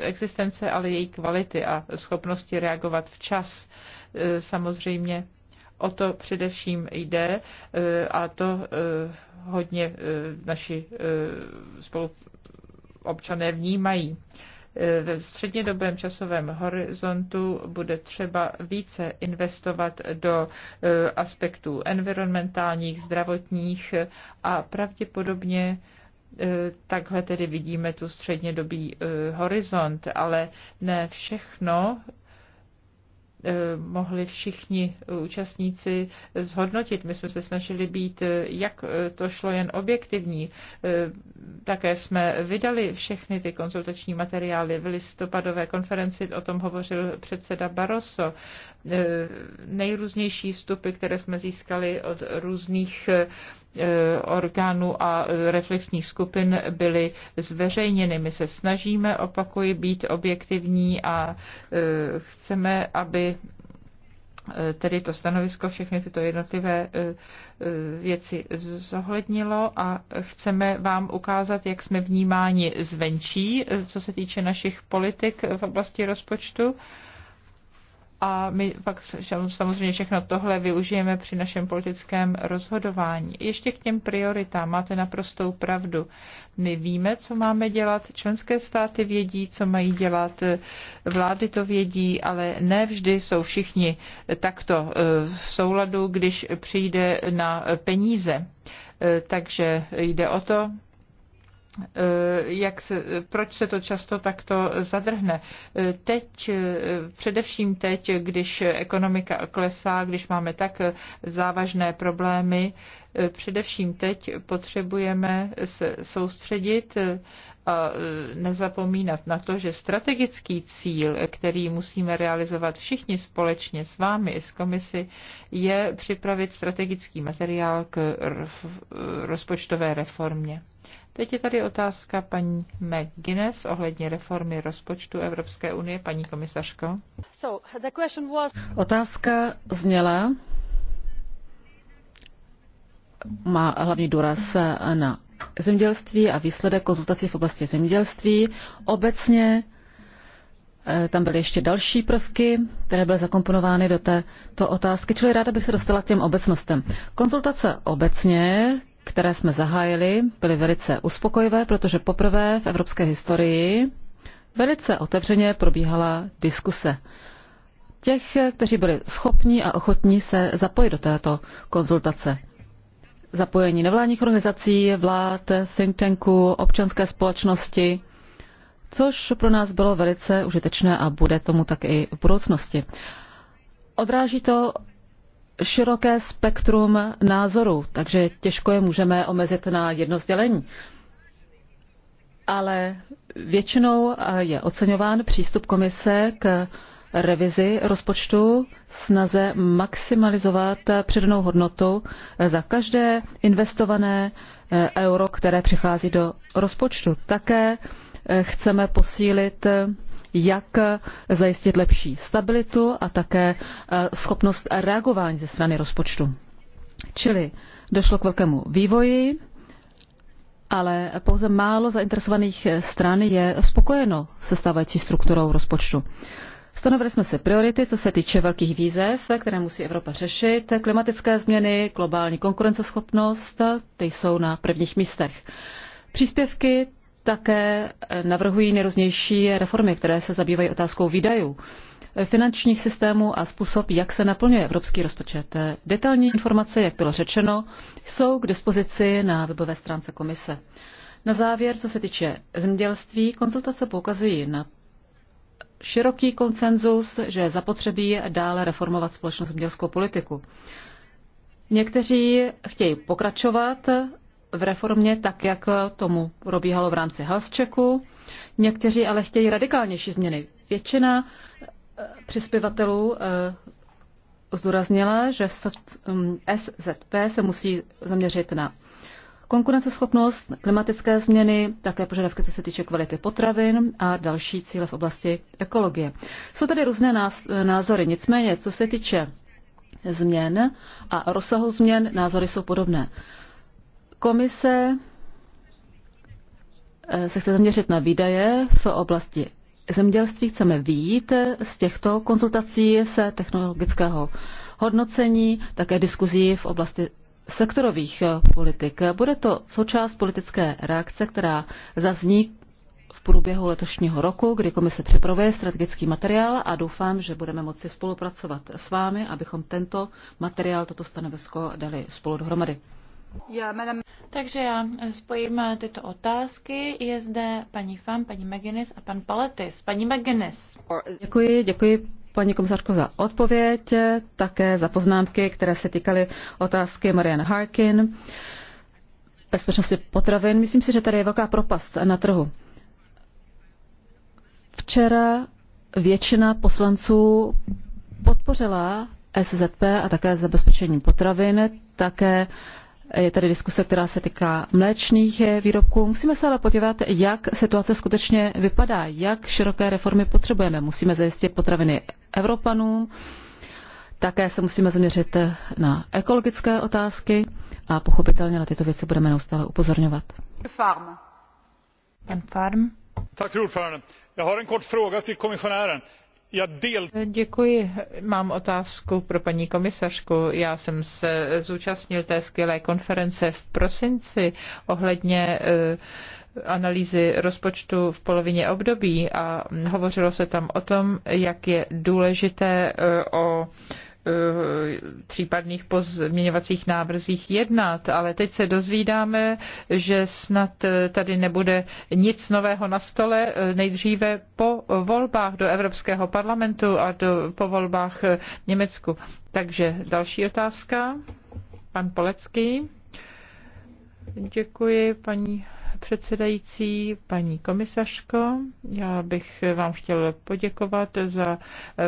existence, ale její kvality a schopnosti reagovat včas. Samozřejmě o to především jde e, a to e, hodně e, naši spoluobčané vnímají. Ve střednědobém časovém horizontu bude třeba více investovat do aspektů environmentálních, zdravotních a pravděpodobně takhle tedy vidíme tu střednědobý horizont, ale ne všechno Eh, mohli všichni účastníci zhodnotit. My jsme se snažili být, eh, jak eh, to šlo, jen objektivní. Také jsme vydali všechny ty konzultační materiály. V listopadové konferenci o tom hovořil předseda Barroso. Eh, nejrůznější vstupy, které jsme získali od různých eh, orgánů a eh, reflexních skupin byly zveřejněny. My se snažíme, opakuji, být objektivní a chceme, aby tedy to stanovisko všechny tyto jednotlivé věci zohlednilo a chceme vám ukázat, jak jsme vnímáni zvenčí, co se týče našich politik v oblasti rozpočtu a my pak samozřejmě všechno tohle využijeme při našem politickém rozhodování. Ještě k těm prioritám máte naprostou pravdu. My víme, co máme dělat, členské státy vědí, co mají dělat, vlády to vědí, ale ne vždy jsou všichni takto eh, v souladu, když přijde na peníze. Eh, takže jde o to, Eh, jak se, eh, proč se to často takto zadrhne. Eh, teď, především teď, když ekonomika klesá, když máme tak závažné problémy, především teď potřebujeme se soustředit a nezapomínat na to, že strategický cíl, který musíme realizovat všichni společně s vámi i s komisi, je připravit strategický materiál k rozpočtové reformě. Teď je tady otázka paní McGuinness ohledně reformy rozpočtu Evropské unie. Paní komisařko. So, was... Otázka zněla, má hlavní důraz na zemědělství a výsledek konzultací v oblasti zemědělství. Obecně eh, tam byly ještě další prvky, které byly zakomponovány do této otázky, čili ráda bych se dostala k těm obecnostem. Konzultace obecně, které jsme zahájili, byly velice uspokojivé, protože poprvé v evropské historii velice otevřeně probíhala diskuse těch, kteří byli schopni a ochotní se zapojit do této konzultace. Zapojení nevládních organizací, vlád, think tanků, občanské společnosti, což pro nás bylo velice užitečné a bude tomu tak i v budoucnosti. Odráží to široké spektrum názorů, takže těžko je můžeme omezit na jedno sdělení. Ale většinou eh, je oceňován přístup komise k revizi rozpočtu snaze maximalizovat přidanou hodnotu eh, za každé investované eh, euro, které přichází do rozpočtu. Také chceme posílit jak eh, zajistit lepší stabilitu a také eh, schopnost reagování ze strany rozpočtu. Čili došlo k velkému vývoji, ale pouze málo zainteresovaných eh, stran je spokojeno se stávající strukturou rozpočtu. Stanovili jsme si priority, co se týče velkých výzev, které musí Evropa řešit. Klimatické změny, globální konkurenceschopnost, ty jsou na prvních místech. Příspěvky také navrhují nejrůznější reformy, které se zabývají otázkou výdajů eh, finančních systémů a způsob, jak se naplňuje evropský rozpočet. Detailní informace, jak bylo řečeno, jsou k dispozici na webové stránce komise. Na závěr, co se týče zemědělství, konzultace poukazují na široký konsenzus, že zapotřebí dále reformovat společnou zemědělskou politiku. Někteří chtějí pokračovat v reformě, tak jak tomu probíhalo v rámci health Někteří ale chtějí radikálnější změny. Většina eh, přispěvatelů eh, zdůraznila, že SZP mm, se musí zaměřit na konkurenceschopnost, klimatické změny, také požadavky, co se týče kvality potravin a další cíle v oblasti ekologie. Jsou tady různé názory, nicméně, co se týče změn a rozsahu změn, názory jsou podobné. Komise eh, se chce zaměřit na výdaje v oblasti zemědělství. Chceme výjít z těchto konzultací se technologického hodnocení, také diskuzí v oblasti sektorových eh, politik. Bude to součást politické reakce, která zazní v průběhu letošního roku, kdy komise připravuje strategický materiál a doufám, že budeme moci spolupracovat s vámi, abychom tento materiál, toto stanovisko dali spolu dohromady. Takže já spojím tyto otázky. Je zde paní Fan, paní McGuinness a pan Paletis. Paní McGuinness. Děkuji, děkuji paní komisařko za odpověď, také za poznámky, které se týkaly otázky Marianne Harkin, bezpečnosti potravin. Myslím si, že tady je velká propast na trhu. Včera většina poslanců podpořila SZP a také zabezpečení potravin, také je tady diskuse, která se týká mléčných eh, výrobků. Musíme se ale podívat, jak situace skutečně vypadá, jak široké reformy potřebujeme. Musíme zajistit potraviny Evropanům, také se musíme zaměřit eh, na ekologické otázky a pochopitelně na tyto věci budeme neustále upozorňovat. Farm. Pan Farm. Tak, Děkuji. Mám otázku pro paní komisařku. Já jsem se zúčastnil té skvělé konference v prosinci ohledně eh, analýzy rozpočtu v polovině období a hovořilo se tam o tom, jak je důležité eh, o Eh, případných pozměňovacích návrzích jednat, ale teď se dozvídáme, že snad eh, tady nebude nic nového na stole eh, nejdříve po volbách do Evropského parlamentu a do, po volbách v Německu. Takže další otázka. Pan Polecký. Děkuji, paní předsedající, paní komisařko. Já bych vám chtěl poděkovat za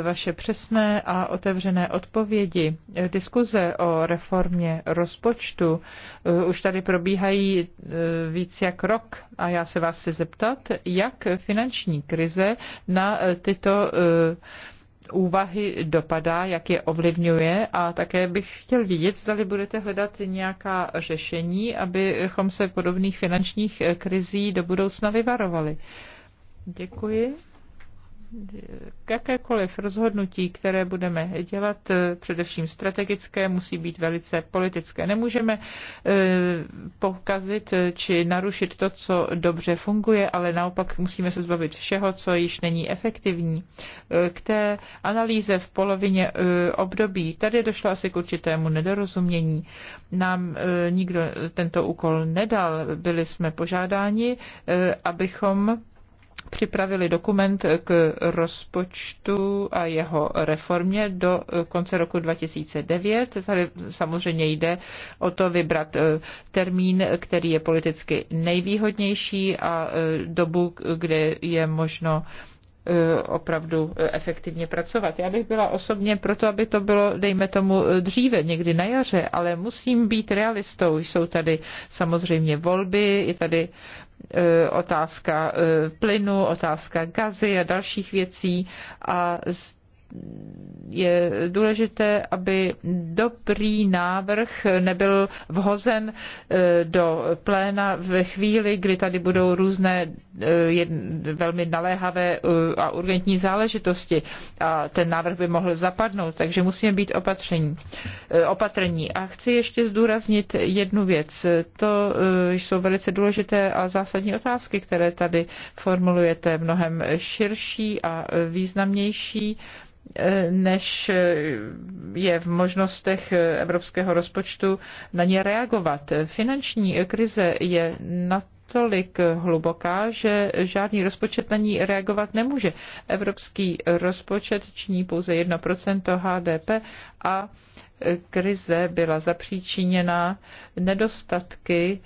vaše přesné a otevřené odpovědi. Diskuze o reformě rozpočtu eh, už tady probíhají eh, víc jak rok a já se vás chci zeptat, jak finanční krize na eh, tyto úvahy dopadá, jak je ovlivňuje a také bych chtěl vidět, zda budete hledat nějaká řešení, abychom se podobných finančních krizí do budoucna vyvarovali. Děkuji jakékoliv rozhodnutí, které budeme dělat, eh, především strategické, musí být velice politické. Nemůžeme eh, pokazit eh, či narušit to, co dobře funguje, ale naopak musíme se zbavit všeho, co již není efektivní. K té analýze v polovině období, tady došlo asi k určitému nedorozumění. Nám nikdo tento úkol nedal, byli jsme požádáni, abychom připravili dokument k rozpočtu a jeho reformě do eh, konce roku 2009. Tady samozřejmě jde o to vybrat eh, termín, který je politicky nejvýhodnější a eh, dobu, kde je možno E, opravdu e, efektivně pracovat. Já bych byla osobně proto, aby to bylo, dejme tomu, e, dříve, někdy na jaře, ale musím být realistou. Jsou tady samozřejmě volby, je tady otázka plynu, otázka gazy a dalších věcí a je důležité, aby dobrý návrh nebyl vhozen eh, do pléna ve chvíli, kdy tady budou různé eh, velmi naléhavé eh, a urgentní záležitosti a ten návrh by mohl zapadnout, takže musíme být opatření, opatrní. A chci ještě zdůraznit jednu věc. To jsou velice důležité a zásadní otázky, které tady formulujete mnohem širší a významnější než je v možnostech evropského rozpočtu na ně reagovat. Finanční krize je na natolik hluboká, že žádný rozpočet na ní reagovat nemůže. Evropský rozpočet činí pouze 1% HDP a krize byla zapříčiněna nedostatky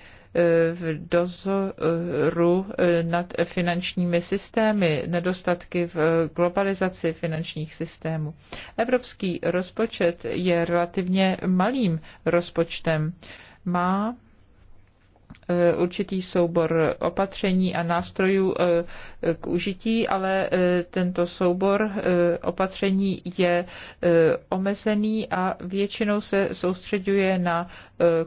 v dozoru nad finančními systémy, nedostatky v globalizaci finančních systémů. Evropský rozpočet je relativně malým rozpočtem. Má Eh, určitý soubor opatření a nástrojů eh, k užití, ale eh, tento soubor opatření je omezený a většinou se soustředuje na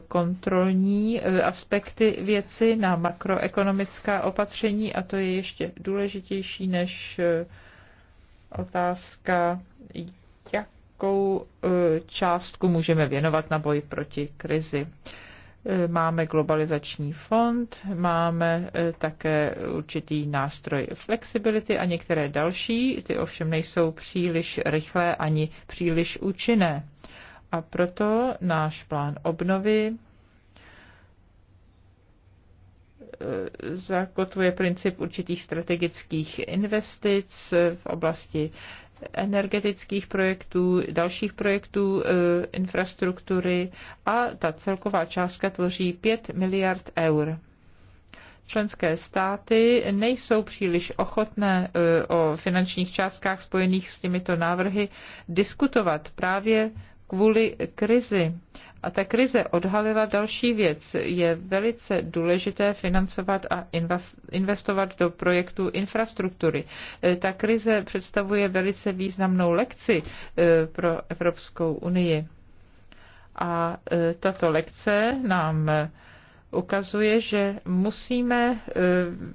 kontrolní aspekty věci, na makroekonomická opatření a to je ještě důležitější než otázka, jakou částku můžeme věnovat na boj proti krizi. Eh, máme globalizační fond, máme eh, také určitý nástroj flexibility a některé další, ty ovšem nejsou příliš rychlé ani příliš účinné. A proto náš plán obnovy eh, zakotvuje princip určitých strategických investic v oblasti energetických projektů, dalších projektů e, infrastruktury a ta celková částka tvoří 5 miliard eur členské státy nejsou příliš ochotné e, o finančních částkách spojených s těmito návrhy diskutovat právě kvůli krizi. A ta krize odhalila další věc. Je velice důležité financovat a investovat do projektů infrastruktury. E, ta krize představuje velice významnou lekci e, pro Evropskou unii. A e, tato lekce nám ukazuje, že musíme e,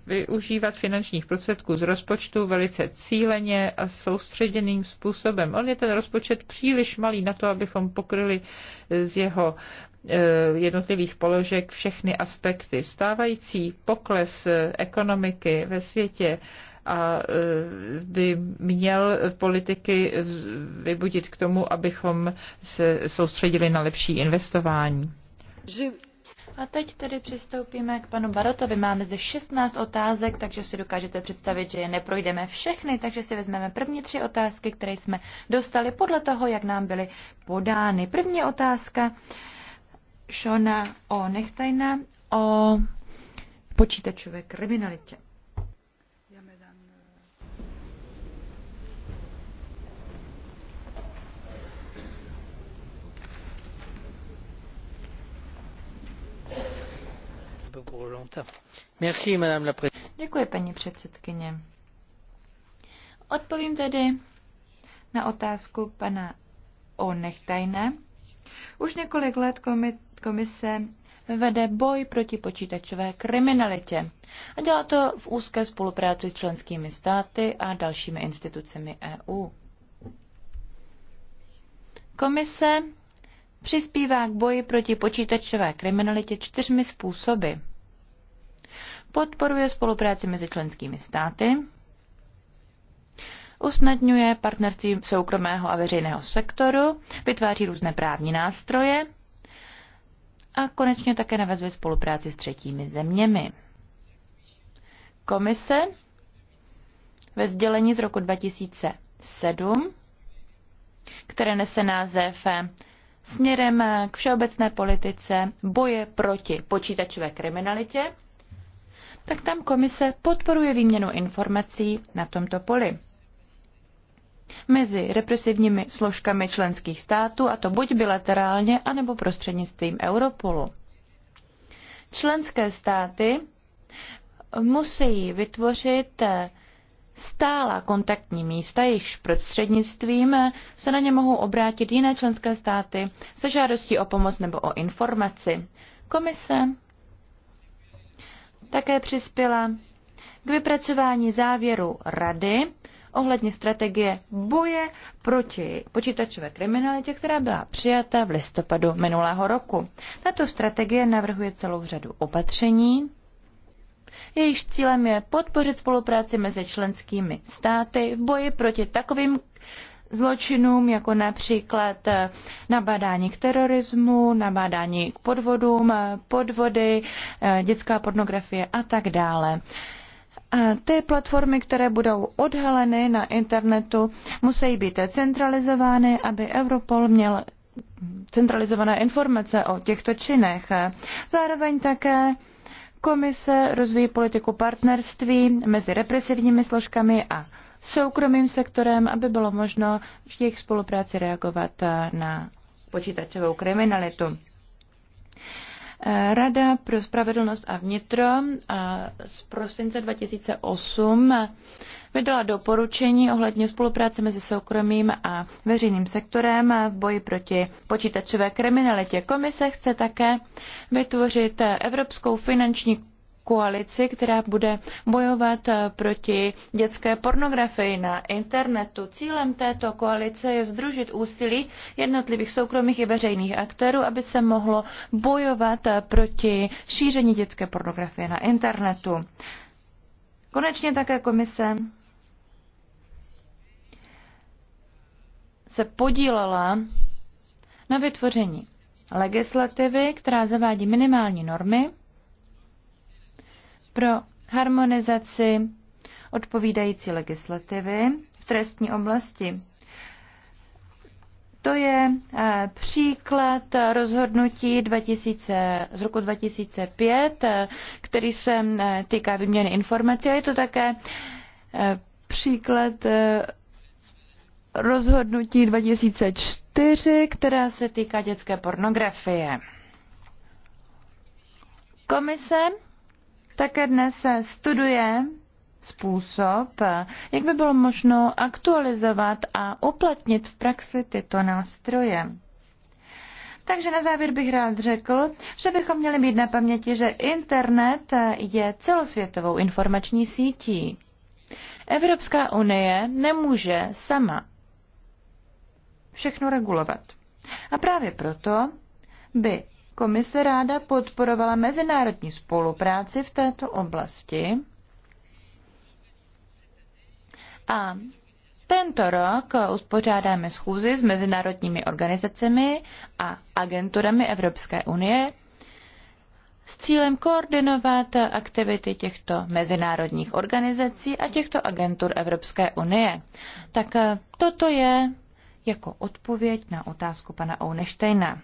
využívat finančních prostředků z rozpočtu velice cíleně a soustředěným způsobem. On je ten rozpočet příliš malý na to, abychom pokryli e, z jeho e, jednotlivých položek všechny aspekty. Stávající pokles ekonomiky ve světě a by měl politiky vybudit k tomu, abychom se soustředili na lepší investování. A teď tedy přistoupíme k panu Barotovi. Máme zde 16 otázek, takže si dokážete představit, že je neprojdeme všechny, takže si vezmeme první tři otázky, které jsme dostali podle toho, jak nám byly podány. První otázka Šona o Nechtajna o počítačové kriminalitě. Děkuji, paní předsedkyně. Odpovím tedy na otázku pana Onechtajna. Už několik let komise vede boj proti počítačové kriminalitě a dělá to v úzké spolupráci s členskými státy a dalšími institucemi EU. Komise přispívá k boji proti počítačové kriminalitě čtyřmi způsoby podporuje spolupráci mezi členskými státy, usnadňuje partnerství soukromého a veřejného sektoru, vytváří různé právní nástroje a konečně také navazuje spolupráci s třetími zeměmi. Komise ve sdělení z roku 2007, které nese název Směrem k všeobecné politice boje proti počítačové kriminalitě, tak tam komise podporuje výměnu informací na tomto poli mezi represivními složkami členských států, a to buď bilaterálně, anebo prostřednictvím Europolu. Členské státy musí vytvořit eh, stála kontaktní místa, jejichž prostřednictvím eh, se na ně mohou obrátit jiné členské státy se žádostí o pomoc nebo o informaci. Komise také přispěla k vypracování závěru Rady ohledně strategie boje proti počítačové kriminalitě, která byla přijata v listopadu minulého roku. Tato strategie navrhuje celou řadu opatření, jejíž cílem je podpořit spolupráci mezi členskými státy v boji proti takovým zločinům, jako například eh, nabádání k terorismu, nabádání k podvodům, eh, podvody, eh, dětská pornografie a tak dále. Ty platformy, které budou odhaleny na internetu, musí být centralizovány, aby Europol měl centralizované informace o těchto činech. Zároveň také komise rozvíjí politiku partnerství mezi represivními složkami a soukromým sektorem, aby bylo možno v jejich spolupráci reagovat eh, na počítačovou kriminalitu. Eh, Rada pro spravedlnost a vnitro eh, z prosince 2008 vydala doporučení ohledně spolupráce mezi soukromým a veřejným sektorem v boji proti počítačové kriminalitě. Komise chce také vytvořit Evropskou finanční koalici, která bude bojovat eh, proti dětské pornografii na internetu. Cílem této koalice je združit úsilí jednotlivých soukromých i veřejných aktérů, aby se mohlo bojovat eh, proti šíření dětské pornografie na internetu. Konečně také komise se podílela na vytvoření legislativy, která zavádí minimální normy pro harmonizaci odpovídající legislativy v trestní oblasti. To je eh, příklad rozhodnutí 2000, z roku 2005, eh, který se eh, týká vyměny informací a je to také příklad rozhodnutí 2004, která se týká dětské pornografie. Komise také dnes se studuje způsob, jak by bylo možno aktualizovat a uplatnit v praxi tyto nástroje. Takže na závěr bych rád řekl, že bychom měli mít na paměti, že internet je celosvětovou informační sítí. Evropská unie nemůže sama všechno regulovat. A právě proto by Komise ráda podporovala mezinárodní spolupráci v této oblasti a tento rok uspořádáme schůzi s mezinárodními organizacemi a agenturami Evropské unie s cílem koordinovat aktivity těchto mezinárodních organizací a těchto agentur Evropské unie. Tak toto je jako odpověď na otázku pana Ounešteina.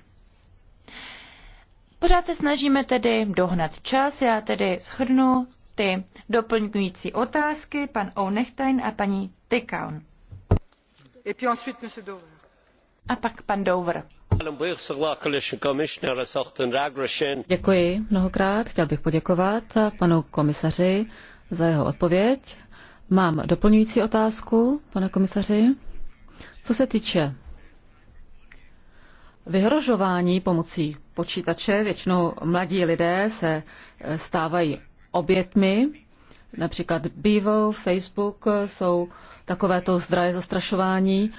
Pořád se snažíme tedy dohnat čas, já tedy schrnu ty doplňující otázky, pan Ounechtein a paní Tykaun. A pak pan Dover. Děkuji mnohokrát. Chtěl bych poděkovat panu komisaři za jeho odpověď. Mám doplňující otázku, pane komisaři. Co se týče vyhrožování pomocí počítače. Většinou mladí lidé se eh, stávají obětmi. Například Bevo, Facebook eh, jsou takovéto zdraje zastrašování.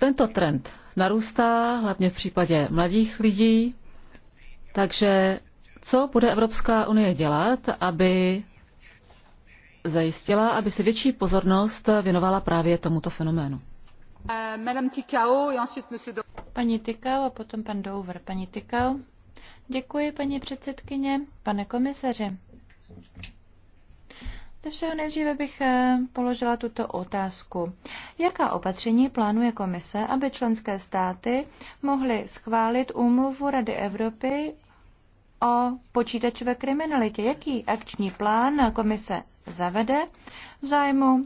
Tento trend narůstá, hlavně v případě mladých lidí. Takže co bude Evropská unie dělat, aby zajistila, aby se větší pozornost věnovala právě tomuto fenoménu? Euh, paní Tykau a potom pan Dover. Paní Tykau. Děkuji, paní předsedkyně, pane komisaři. Ze všeho nejdříve bych eh, položila tuto otázku. Jaká opatření plánuje komise, aby členské státy mohly schválit úmluvu Rady Evropy o počítačové kriminalitě? Jaký akční plán komise zavede v zájmu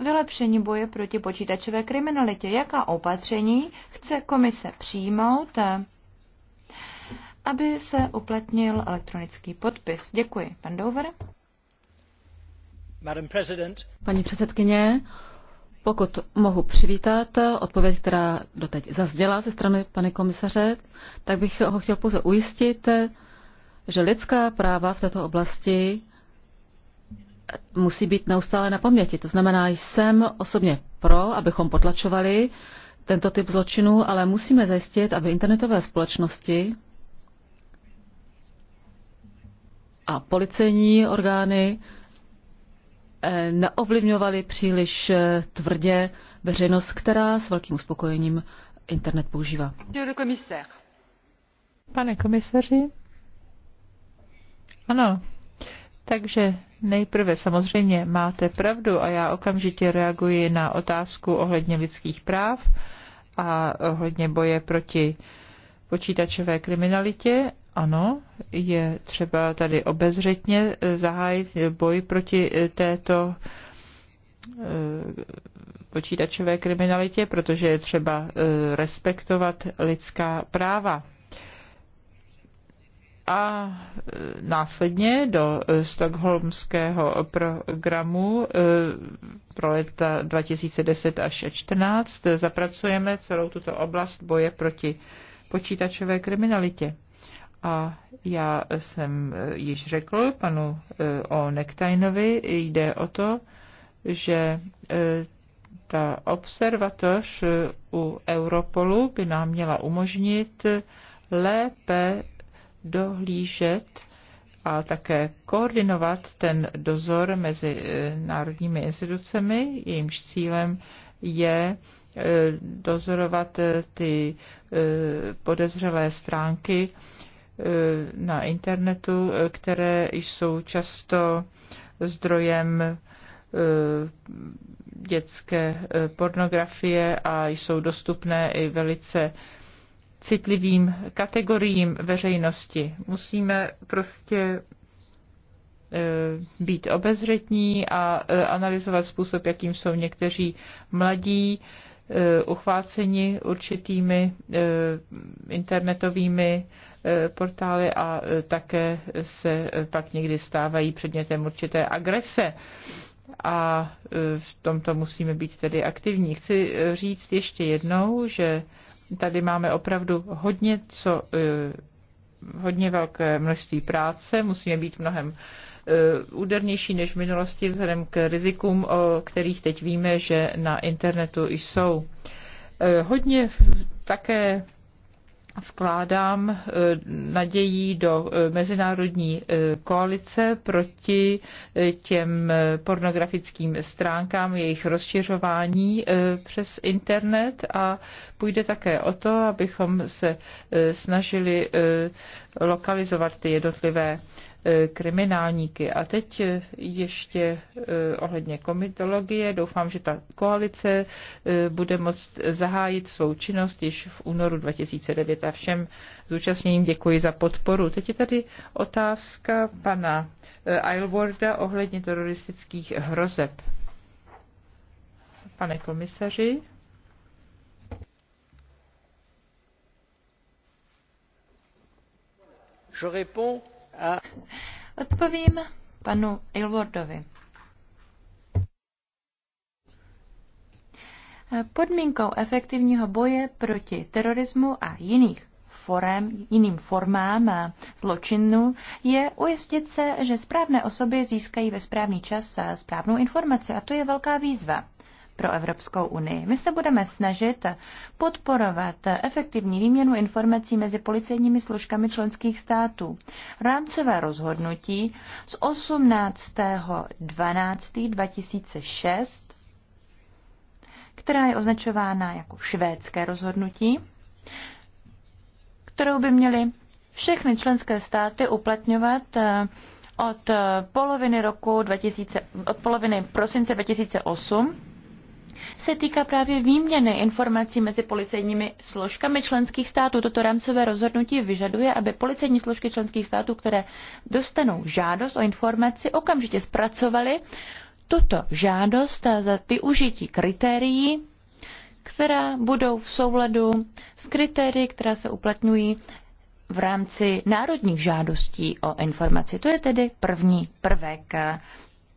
vylepšení boje proti počítačové kriminalitě. Jaká opatření chce komise přijmout, aby se uplatnil elektronický podpis? Děkuji. Pan Dover? Paní předsedkyně, pokud mohu přivítat odpověď, která doteď zazděla ze strany pana komisaře, tak bych ho chtěl pouze ujistit, že lidská práva v této oblasti musí být neustále na paměti. To znamená, jsem osobně pro, abychom potlačovali tento typ zločinů, ale musíme zajistit, aby internetové společnosti a policejní orgány eh, neovlivňovaly příliš eh, tvrdě veřejnost, která s velkým uspokojením internet používá. Pane komisaři? Ano, takže Nejprve samozřejmě máte pravdu a já okamžitě reaguji na otázku ohledně lidských práv a ohledně boje proti počítačové kriminalitě. Ano, je třeba tady obezřetně zahájit boj proti této eh, počítačové kriminalitě, protože je třeba eh, respektovat lidská práva a e, následně do e, stokholmského programu e, pro leta 2010 až 2014 zapracujeme celou tuto oblast boje proti počítačové kriminalitě. A já jsem již řekl panu o Nektajnovi, jde o to, že ta observatoř u Europolu by nám měla umožnit lépe dohlížet a také koordinovat ten dozor mezi eh, národními institucemi, jejímž cílem je eh, dozorovat eh, ty podezřelé stránky na internetu, které jsou často zdrojem dětské pornografie a jsou dostupné i velice citlivým kategoriím veřejnosti. Musíme prostě e, být obezřetní a e, analyzovat způsob, jakým jsou někteří mladí e, uchváceni určitými internetovými portály a také se pak někdy stávají předmětem určité agrese. A v tomto musíme být tedy aktivní. Chci říct ještě jednou, že Tady máme opravdu hodně, co, e, hodně velké množství práce, musíme být mnohem e, údernější než v minulosti vzhledem k rizikům, o kterých teď víme, že na internetu jsou. E, hodně také vkládám eh, naději do eh, mezinárodní eh, koalice proti těm pornografickým stránkám, jejich rozšiřování přes internet a půjde také o to, abychom se snažili lokalizovat ty jednotlivé E, kriminálníky. A teď e, ještě e, ohledně komitologie. Doufám, že ta koalice bude moct zahájit svou činnost již v únoru 2009 a všem zúčastněním děkuji za podporu. Teď je tady otázka pana Aylwarda ohledně teroristických hrozeb. Pane komisaři. Je réponds Odpovím panu Ilwardovi. Podmínkou efektivního boje proti terorismu a jiných forem, jiným formám zločinu je ujistit se, že správné osoby získají ve správný čas správnou informaci a to je velká výzva pro Evropskou unii. My se budeme snažit podporovat efektivní výměnu informací mezi policejními složkami členských států. Rámcové rozhodnutí z 18.12.2006 která je označována jako švédské rozhodnutí, kterou by měly všechny členské státy uplatňovat eh, od poloviny roku 2000, od poloviny prosince 2008 se týká právě výměny informací mezi policejními složkami členských států. Toto rámcové rozhodnutí vyžaduje, aby policejní složky členských států, které dostanou žádost o informaci, okamžitě zpracovaly tuto žádost za využití kritérií, která budou v souladu s kritérii, která se uplatňují v rámci národních žádostí o informaci. To je tedy první prvek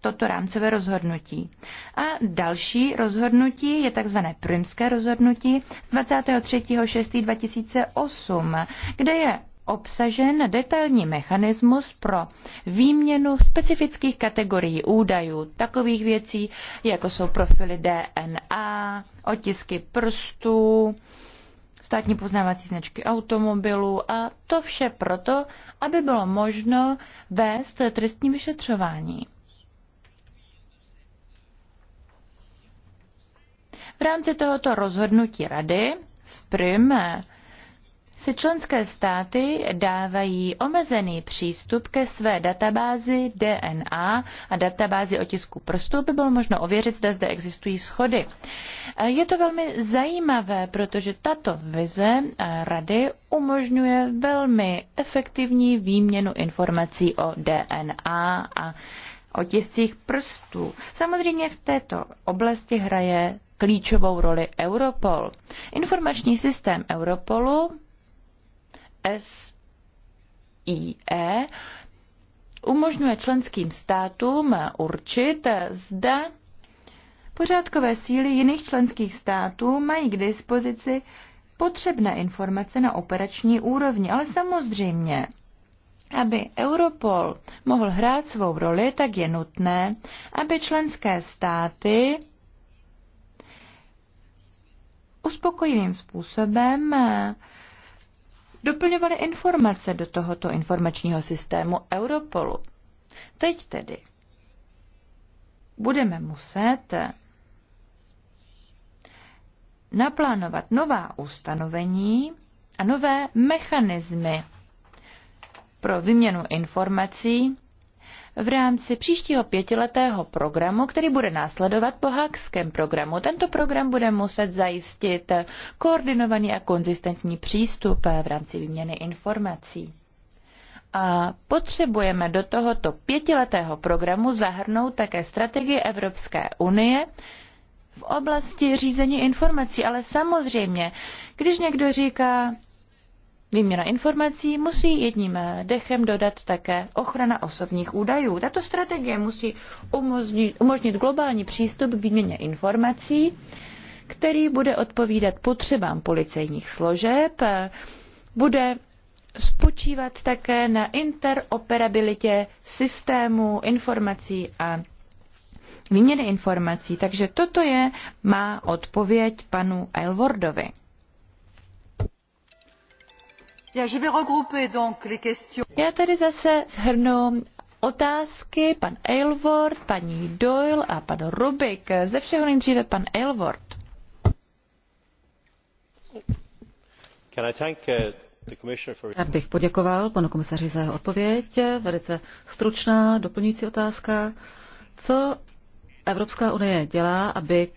toto rámcové rozhodnutí. A další rozhodnutí je tzv. prymské rozhodnutí z 23.6.2008, kde je obsažen detailní mechanismus pro výměnu specifických kategorií údajů, takových věcí, jako jsou profily DNA, otisky prstů, státní poznávací značky automobilů a to vše proto, aby bylo možno vést trestní vyšetřování. V rámci tohoto rozhodnutí rady z Prim si členské státy dávají omezený přístup ke své databázi DNA a databázi otisků prstů, by bylo možno ověřit, zda zde existují schody. Je to velmi zajímavé, protože tato vize rady umožňuje velmi efektivní výměnu informací o DNA a otiscích prstů. Samozřejmě v této oblasti hraje klíčovou roli Europol. Informační systém Europolu SIE umožňuje členským státům určit, zda pořádkové síly jiných členských států mají k dispozici potřebné informace na operační úrovni, ale samozřejmě aby Europol mohl hrát svou roli, tak je nutné, aby členské státy uspokojivým způsobem eh, doplňovaly informace do tohoto informačního systému Europolu. Teď tedy budeme muset eh, naplánovat nová ustanovení a nové mechanismy pro výměnu informací v rámci příštího pětiletého programu, který bude následovat po Hákském programu. Tento program bude muset zajistit koordinovaný a konzistentní přístup v rámci výměny informací. A potřebujeme do tohoto pětiletého programu zahrnout také strategii Evropské unie, v oblasti řízení informací, ale samozřejmě, když někdo říká, Výměna informací musí jedním dechem dodat také ochrana osobních údajů. Tato strategie musí umožnit, umožnit globální přístup k výměně informací, který bude odpovídat potřebám policejních složeb, bude spočívat také na interoperabilitě systému informací a výměny informací. Takže toto je má odpověď panu Elwardovi. Já tady zase shrnu otázky pan Aylward, paní Doyle a pan Rubik. Ze všeho nejdříve pan Aylward. Uh, Já bych poděkoval panu komisaři za jeho odpověď. Velice stručná doplňující otázka. Co Evropská unie dělá, aby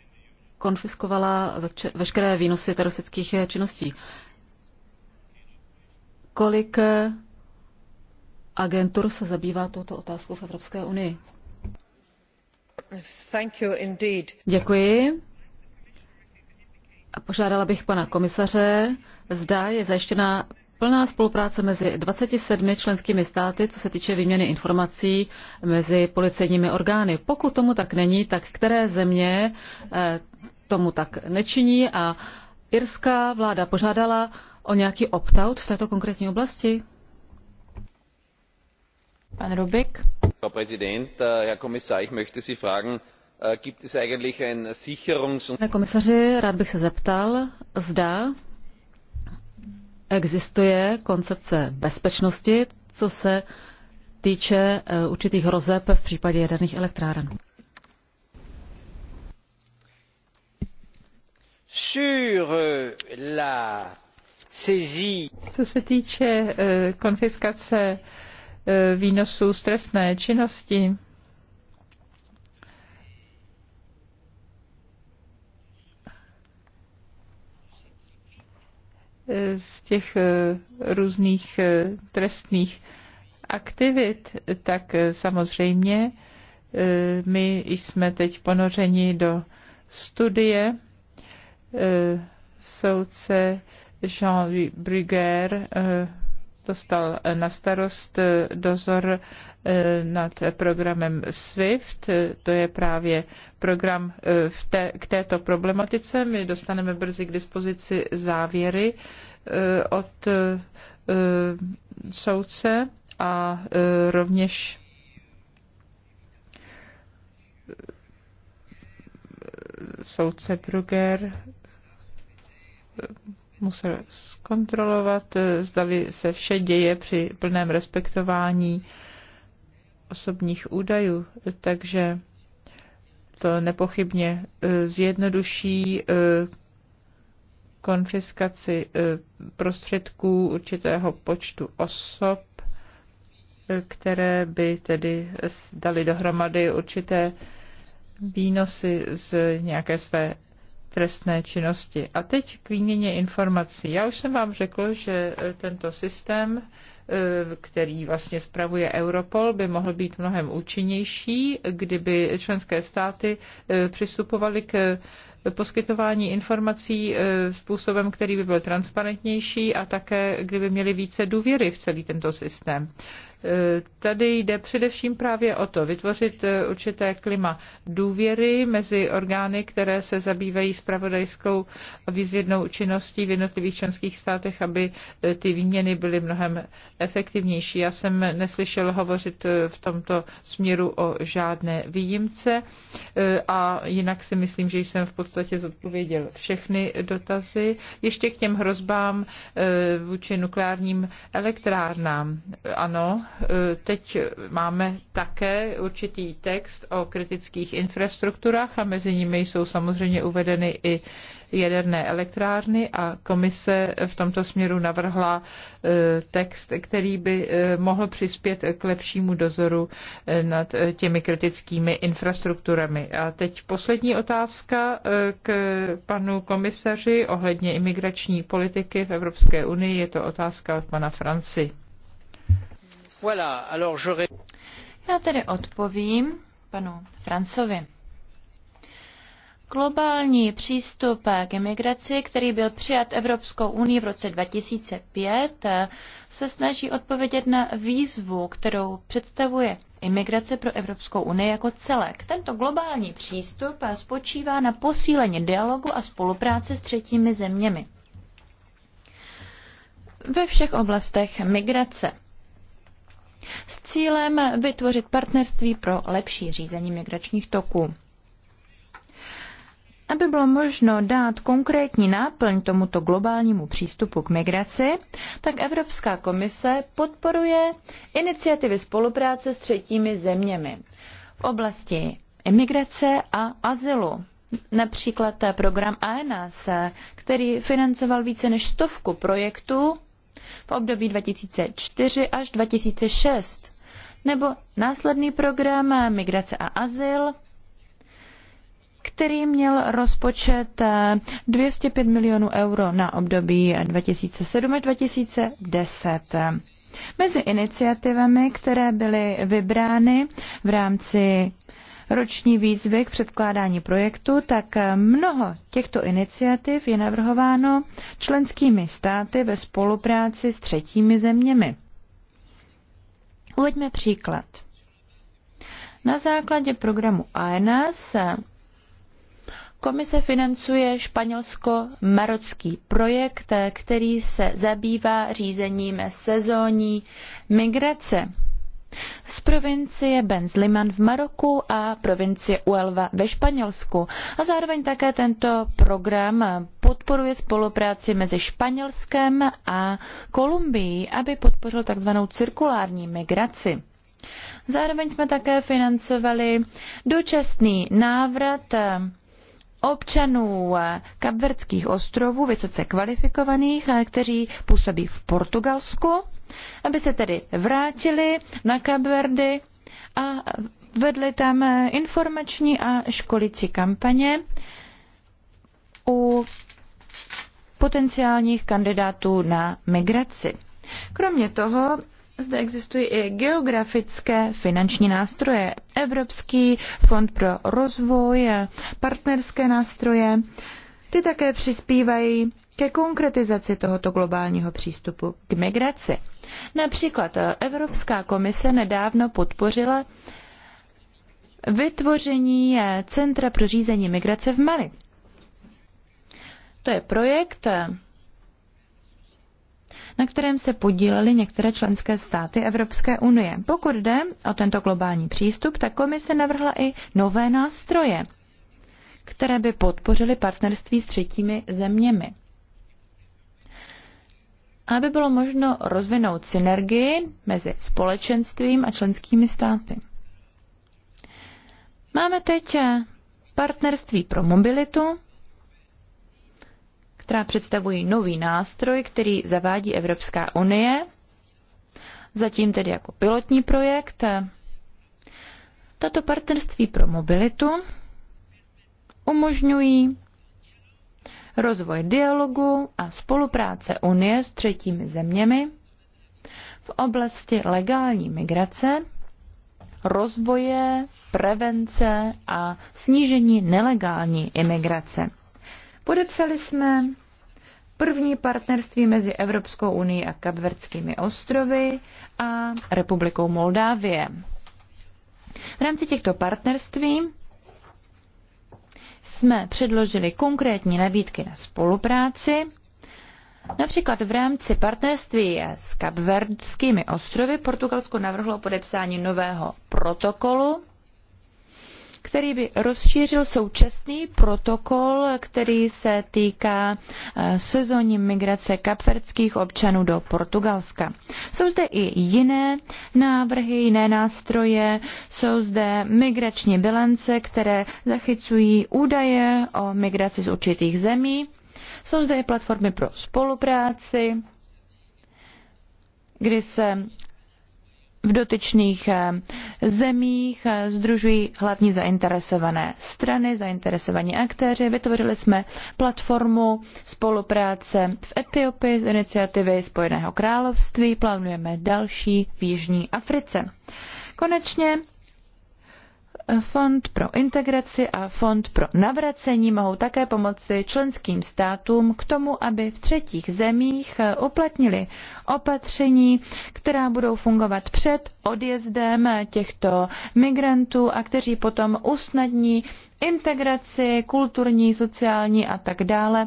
konfiskovala veškeré výnosy teroristických činností? Kolik eh, agentur se zabývá touto otázkou v Evropské unii? Thank you indeed. Děkuji. A požádala bych pana komisaře, zda je zajištěna plná spolupráce mezi 27 členskými státy, co se týče výměny informací mezi policejními orgány. Pokud tomu tak není, tak které země eh, tomu tak nečiní a irská vláda požádala o nějaký opt-out v této konkrétní oblasti? Pan Rubik. Frau Präsident, äh, Herr Kommissar, ich möchte Sie fragen, äh, gibt es eigentlich ein Sicherungs- Pane komisaři, rád bych se zeptal, zda existuje koncepce bezpečnosti, co se týče e, určitých hrozeb v případě jaderných elektráren. Sur e, la co se týče eh, konfiskace eh, výnosů z trestné činnosti, eh, z těch různých trestných aktivit, tak samozřejmě my jsme teď ponořeni do studie soudce Jean-Louis Bruguer eh, dostal eh, na starost eh, dozor nad programem SWIFT. To je právě program v té, k této problematice. My dostaneme brzy k dispozici závěry od soudce a rovněž soudce Bruger musel zkontrolovat, eh, zdali se vše děje při plném respektování osobních údajů, takže to nepochybně eh, zjednoduší eh, konfiskaci prostředků určitého počtu osob, které by tedy dali dohromady určité výnosy z nějaké své trestné činnosti. A teď k výměně informací. Já už jsem vám řekl, že e, tento systém, e, který vlastně spravuje Europol, by mohl být mnohem účinnější, kdyby členské státy e, přistupovaly k poskytování informací eh, způsobem, který by byl transparentnější a také, kdyby měli více důvěry v celý tento systém. Eh, tady jde především právě o to vytvořit eh, určité klima důvěry mezi orgány, které se zabývají spravodajskou a výzvědnou činností v jednotlivých členských státech, aby ty výměny byly mnohem efektivnější. Já jsem neslyšel hovořit v tomto směru o žádné výjimce a jinak si myslím, že jsem v podstatě podstatě zodpověděl všechny dotazy. Ještě k těm hrozbám eh, vůči nukleárním elektrárnám. Ano, eh, teď máme také určitý text o kritických infrastrukturách a mezi nimi jsou samozřejmě uvedeny i jaderné elektrárny a komise v tomto směru navrhla e, text, který by e, mohl přispět k lepšímu dozoru e, nad těmi kritickými infrastrukturami. A teď poslední otázka k panu komisaři ohledně imigrační politiky v Evropské unii. Je to otázka od pana Franci. Já tedy odpovím panu Francovi. Globální přístup k imigraci, který byl přijat Evropskou unii v roce 2005, se snaží odpovědět na výzvu, kterou představuje imigrace pro Evropskou unii jako celek. Tento globální přístup spočívá na posílení dialogu a spolupráce s třetími zeměmi ve všech oblastech migrace s cílem vytvořit partnerství pro lepší řízení migračních toků aby bylo možno dát konkrétní náplň tomuto globálnímu přístupu k migraci, tak Evropská komise podporuje iniciativy spolupráce s třetími zeměmi v oblasti imigrace a azylu. Například program ANAS, který financoval více než stovku projektů v období 2004 až 2006, nebo následný program Migrace a azyl, který měl rozpočet 205 eh, milionů euro na období 2007 eh, až 2010. Mezi iniciativami, které byly vybrány v rámci roční výzvy k předkládání projektu, tak eh, mnoho těchto iniciativ je navrhováno členskými státy ve spolupráci s třetími zeměmi. Uveďme příklad. Na základě programu ANS Komise financuje španělsko-marocký projekt, který se zabývá řízením sezónní migrace z provincie Benzliman v Maroku a provincie Uelva ve Španělsku. A zároveň také tento program podporuje spolupráci mezi Španělskem a Kolumbií, aby podpořil tzv. cirkulární migraci. Zároveň jsme také financovali dočasný návrat občanů Kapverdských ostrovů, vysoce kvalifikovaných, eh, kteří působí v Portugalsku, aby se tedy vrátili na Kapverdy a vedli tam eh, informační a školicí kampaně u potenciálních kandidátů na migraci. Kromě toho zde existují i geografické finanční nástroje. Evropský fond pro rozvoj, partnerské nástroje, ty také přispívají ke konkretizaci tohoto globálního přístupu k migraci. Například Evropská komise nedávno podpořila vytvoření Centra pro řízení migrace v Mali. To je projekt, na kterém se podílely některé členské státy Evropské unie. Pokud jde o tento globální přístup, tak komise navrhla i nové nástroje, které by podpořily partnerství s třetími zeměmi. Aby bylo možno rozvinout synergii mezi společenstvím a členskými státy. Máme teď partnerství pro mobilitu, která představují nový nástroj, který zavádí Evropská unie, zatím tedy jako pilotní projekt. Tato partnerství pro mobilitu umožňují rozvoj dialogu a spolupráce Unie s třetími zeměmi v oblasti legální migrace, rozvoje, prevence a snížení nelegální imigrace. Podepsali jsme první partnerství mezi Evropskou unii a Kapverdskými ostrovy a Republikou Moldávie. V rámci těchto partnerství jsme předložili konkrétní nabídky na spolupráci, Například v rámci partnerství s Kapverdskými ostrovy Portugalsko navrhlo podepsání nového protokolu který by rozšířil současný protokol, který se týká eh, sezónní migrace kapverdských občanů do Portugalska. Jsou zde i jiné návrhy, jiné nástroje, jsou zde migrační bilance, které zachycují údaje o migraci z určitých zemí. Jsou zde i platformy pro spolupráci, kdy se v dotyčných eh, zemích, eh, združují hlavní zainteresované strany, zainteresovaní aktéři. Vytvořili jsme platformu spolupráce v Etiopii z iniciativy Spojeného království, plánujeme další v Jižní Africe. Konečně Fond pro integraci a Fond pro navracení mohou také pomoci členským státům k tomu, aby v třetích zemích uplatnili opatření, která budou fungovat před odjezdem těchto migrantů a kteří potom usnadní integraci kulturní, sociální a tak dále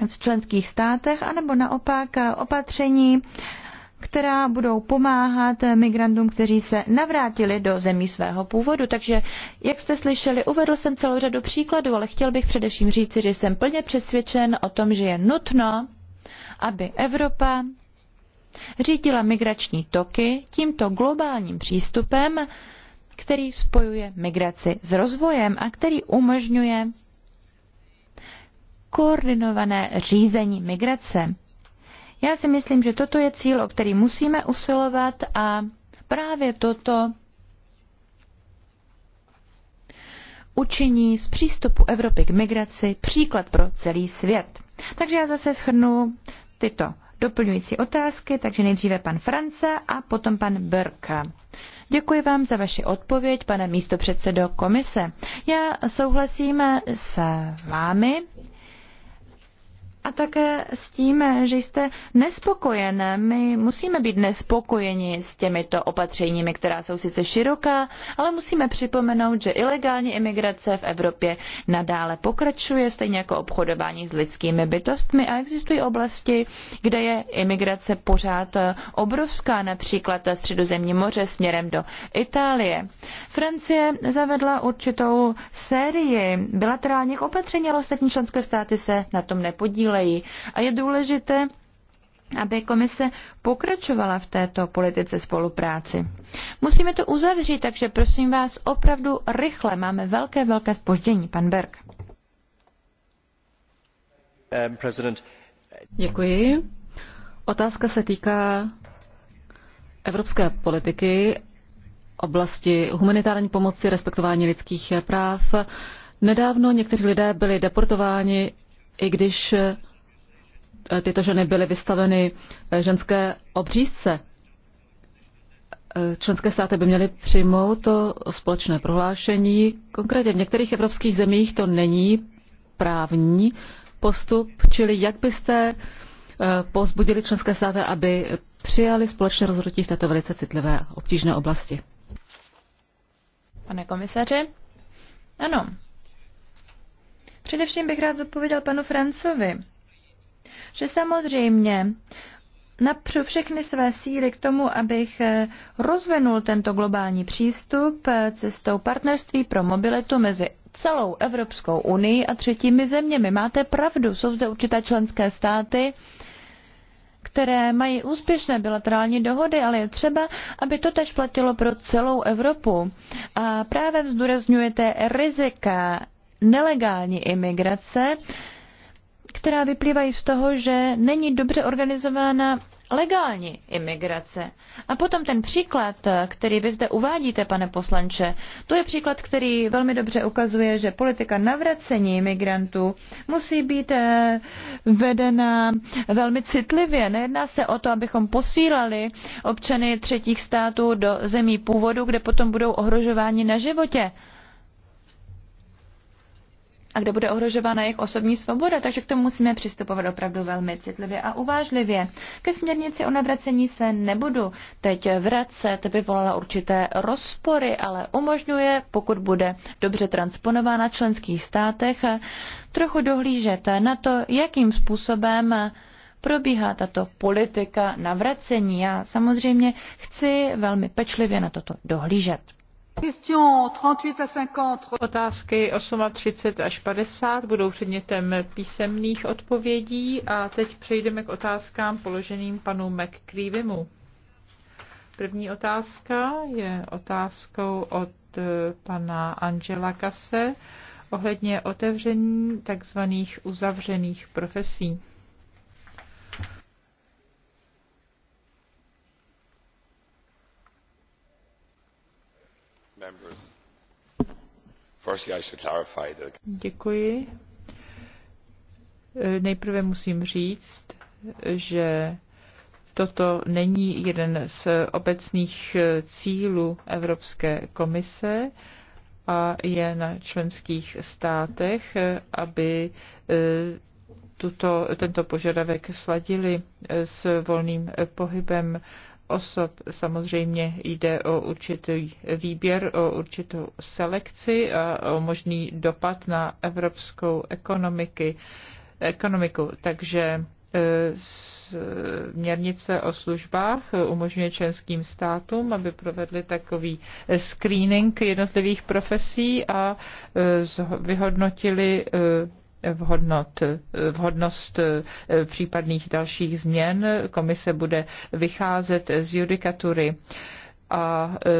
eh, v členských státech, anebo naopak opatření, která budou pomáhat migrantům, kteří se navrátili do zemí svého původu. Takže, jak jste slyšeli, uvedl jsem celou řadu příkladů, ale chtěl bych především říci, že jsem plně přesvědčen o tom, že je nutno, aby Evropa řídila migrační toky tímto globálním přístupem, který spojuje migraci s rozvojem a který umožňuje koordinované řízení migrace. Já si myslím, že toto je cíl, o který musíme usilovat a právě toto učiní z přístupu Evropy k migraci příklad pro celý svět. Takže já zase schrnu tyto doplňující otázky, takže nejdříve pan France a potom pan Berka. Děkuji vám za vaši odpověď, pane místopředsedo komise. Já souhlasím s vámi a také s tím, že jste nespokojen. My musíme být nespokojeni s těmito opatřeními, která jsou sice široká, ale musíme připomenout, že ilegální imigrace v Evropě nadále pokračuje, stejně jako obchodování s lidskými bytostmi a existují oblasti, kde je imigrace pořád obrovská, například středozemní moře směrem do Itálie. Francie zavedla určitou sérii bilaterálních opatření, ale ostatní členské státy se na tom nepodílí rychleji. A je důležité, aby komise pokračovala v této politice spolupráci. Musíme to uzavřít, takže prosím vás opravdu rychle. Máme velké, velké spoždění. Pan Berg. Um, Děkuji. Otázka se týká evropské politiky, oblasti humanitární pomoci, respektování lidských práv. Nedávno někteří lidé byli deportováni i když eh, tyto ženy byly vystaveny eh, ženské obřízce. Eh, členské státy by měly přijmout to společné prohlášení. Konkrétně v některých evropských zemích to není právní postup, čili jak byste pozbudili členské státy, aby přijali společné rozhodnutí v této velice citlivé obtížné oblasti. Pane komisaři, ano, Především bych rád odpověděl panu Francovi, že samozřejmě napřu všechny své síly k tomu, abych eh, rozvinul tento globální přístup eh, cestou partnerství pro mobilitu mezi celou Evropskou unii a třetími zeměmi. Máte pravdu, jsou zde určité členské státy, které mají úspěšné bilaterální dohody, ale je třeba, aby to tež platilo pro celou Evropu. A právě vzdůrazňujete rizika nelegální imigrace, která vyplývají z toho, že není dobře organizována legální imigrace. A potom ten příklad, který vy zde uvádíte, pane poslanče, to je příklad, který velmi dobře ukazuje, že politika navracení imigrantů musí být eh, vedena velmi citlivě. Nejedná se o to, abychom posílali občany třetích států do zemí původu, kde potom budou ohrožováni na životě a kde bude ohrožována jejich osobní svoboda, takže k tomu musíme přistupovat opravdu velmi citlivě a uvážlivě. Ke směrnici o navracení se nebudu teď vracet, vyvolala určité rozpory, ale umožňuje, pokud bude dobře transponována v členských státech, trochu dohlížet na to, jakým způsobem probíhá tato politika navracení. Já samozřejmě chci velmi pečlivě na toto dohlížet. Otázky 38 až 50 budou předmětem písemných odpovědí a teď přejdeme k otázkám položeným panu McCreevymu. První otázka je otázkou od eh, pana Angela Kase ohledně otevření tzv. uzavřených profesí. Děkuji. E, nejprve musím říct, že toto není jeden z obecných e, cílů Evropské komise a je na členských státech, e, aby tuto, tento požadavek sladili s volným pohybem osob. Samozřejmě jde o určitý výběr, o určitou selekci a o možný dopad na evropskou ekonomiky, ekonomiku. Takže e, Měrnice o službách umožňuje členským státům, aby provedli takový screening jednotlivých profesí a e, vyhodnotili e, vhodnot, vhodnost eh, případných dalších změn. Komise bude vycházet z judikatury a eh,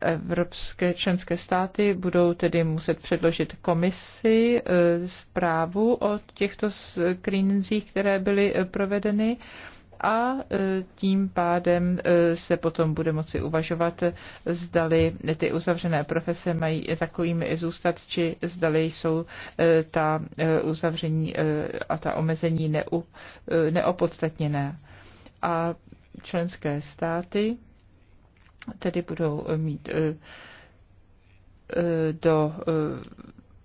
evropské členské státy budou tedy muset předložit komisi eh, zprávu o těchto screeningzích, které byly provedeny a e, tím pádem e, se potom bude moci uvažovat, zdali ty uzavřené profese mají takovými zůstat, či zdali jsou e, ta uzavření a ta omezení neu, neopodstatněné. A členské státy tedy budou mít do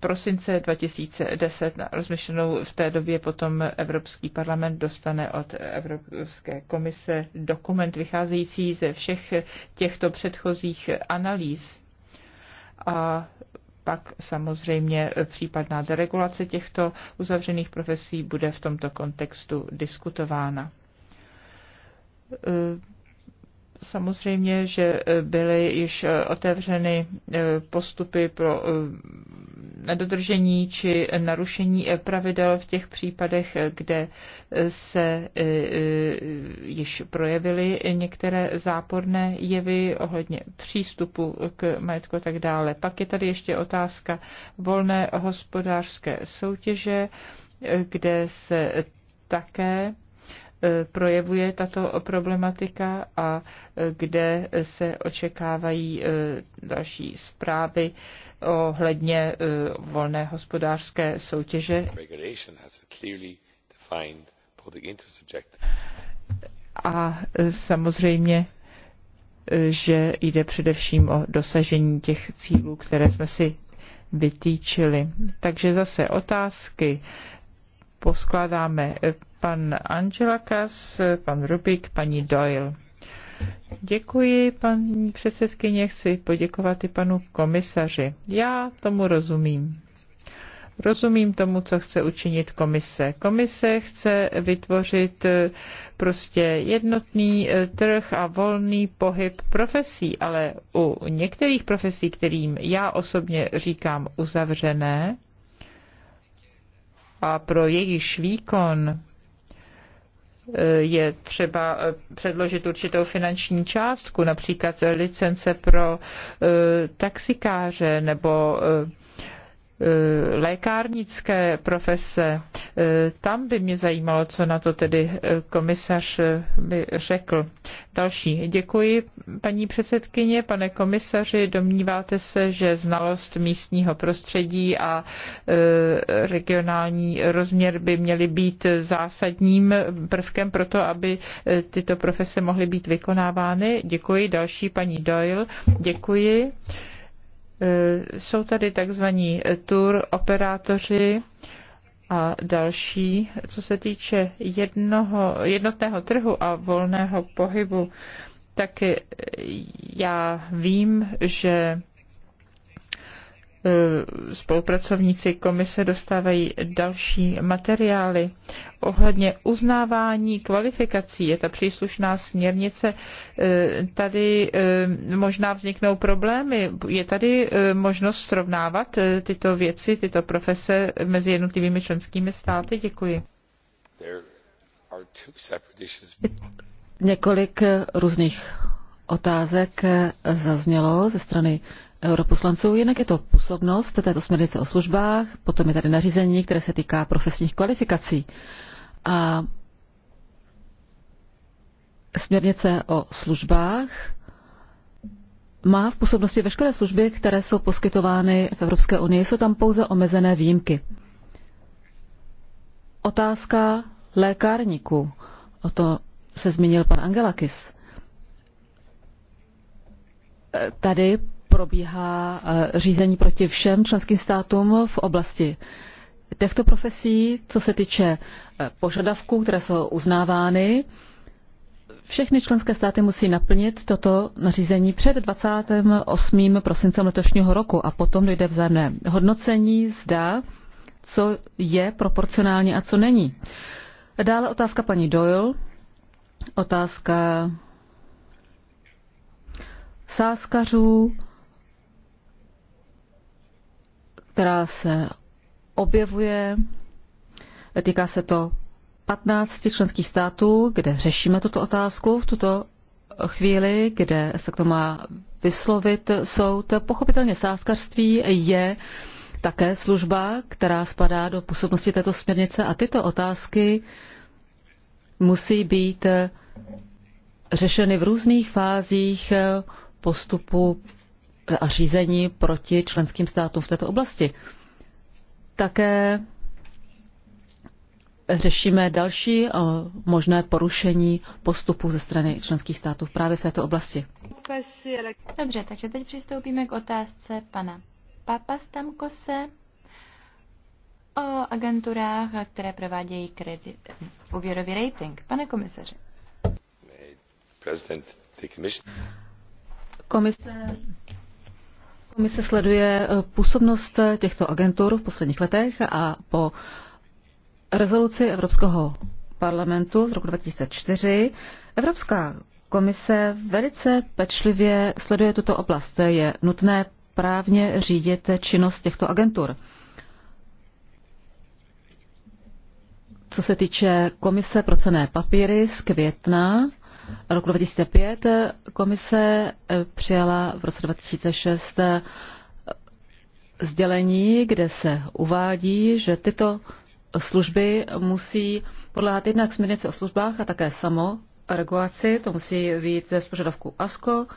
prosince 2010 rozmyšlenou v té době potom Evropský parlament dostane od Evropské komise dokument vycházející ze všech těchto předchozích analýz. A pak samozřejmě případná deregulace těchto uzavřených profesí bude v tomto kontextu diskutována Samozřejmě, že eh, byly již eh, otevřeny eh, postupy pro nedodržení či narušení pravidel v těch případech, kde se již projevily některé záporné jevy ohledně přístupu k majetku a tak dále. Pak je tady ještě otázka volné hospodářské soutěže, kde se také projevuje tato problematika a e, kde se očekávají e, další zprávy ohledně e, volné hospodářské soutěže. A samozřejmě že jde především o dosažení těch cílů, které jsme si vytýčili. Takže zase otázky poskládáme pan Kass, pan Rubik, paní Doyle. Děkuji, paní předsedkyně, chci poděkovat i panu komisaři. Já tomu rozumím. Rozumím tomu, co chce učinit komise. Komise chce vytvořit eh, prostě jednotný eh, trh a volný pohyb profesí, ale u některých profesí, kterým já osobně říkám uzavřené, a pro jejich výkon je třeba eh, předložit určitou finanční částku, například licence pro eh, taxikáře nebo eh, Eh, lékárnické profese. Eh, tam by mě zajímalo, co na to tedy eh, komisař by řekl. Další. Děkuji, paní předsedkyně, pane komisaři. Domníváte se, že znalost místního prostředí a regionální rozměr by měly být zásadním prvkem pro to, aby tyto profese mohly být vykonávány. Děkuji. Další paní Doyle. Děkuji. Eh, jsou tady takzvaní eh, tour operátoři a další. Co se týče jednoho, jednotného trhu a volného pohybu, tak eh, já vím, že Eh, spolupracovníci komise dostávají další materiály. Ohledně uznávání kvalifikací je ta příslušná směrnice. Eh, tady eh, možná vzniknou problémy. Je tady možnost srovnávat tyto věci, tyto profese mezi jednotlivými členskými státy? Děkuji. Několik různých otázek zaznělo ze strany europoslanců. Jednak je to působnost této směrnice o službách, potom je tady nařízení, které se týká profesních kvalifikací. A směrnice o službách má v působnosti veškeré služby, které jsou poskytovány v Evropské unii. Jsou tam pouze omezené výjimky. Otázka lékárníků. O to se zmínil pan Angelakis. Tady probíhá eh, řízení proti všem členským státům v oblasti těchto profesí, co se týče eh, požadavků, které jsou uznávány. Všechny členské státy musí naplnit toto nařízení před 28. prosincem letošního roku a potom dojde vzájemné hodnocení, zda, co je proporcionální a co není. Dále otázka paní Doyle, otázka sáskařů, která se objevuje. Týká se to 15 členských států, kde řešíme tuto otázku v tuto chvíli, kde se k tomu má vyslovit soud. Pochopitelně sázkařství je také služba, která spadá do působnosti této směrnice a tyto otázky musí být řešeny v různých fázích postupu a řízení proti členským státům v této oblasti. Také řešíme další eh, možné porušení postupů ze strany členských států právě v této oblasti. Dobře, takže teď přistoupíme k otázce pana Papastamkose o agenturách, které provádějí kredit, úvěrový rating. Pane komisaři. Komise Komise sleduje eh, působnost těchto agentur v posledních letech a po rezoluci Evropského parlamentu z roku 2004 Evropská komise velice pečlivě sleduje tuto oblast. Je nutné právně řídit činnost těchto agentur. Co se týče Komise pro cené papíry z května Rok 2005 komise eh, přijala v roce 2006 eh, sdělení, kde se uvádí, že tyto služby musí podléhat jednak směrnici o službách a také samo regulaci, to musí být z požadavku ASCO.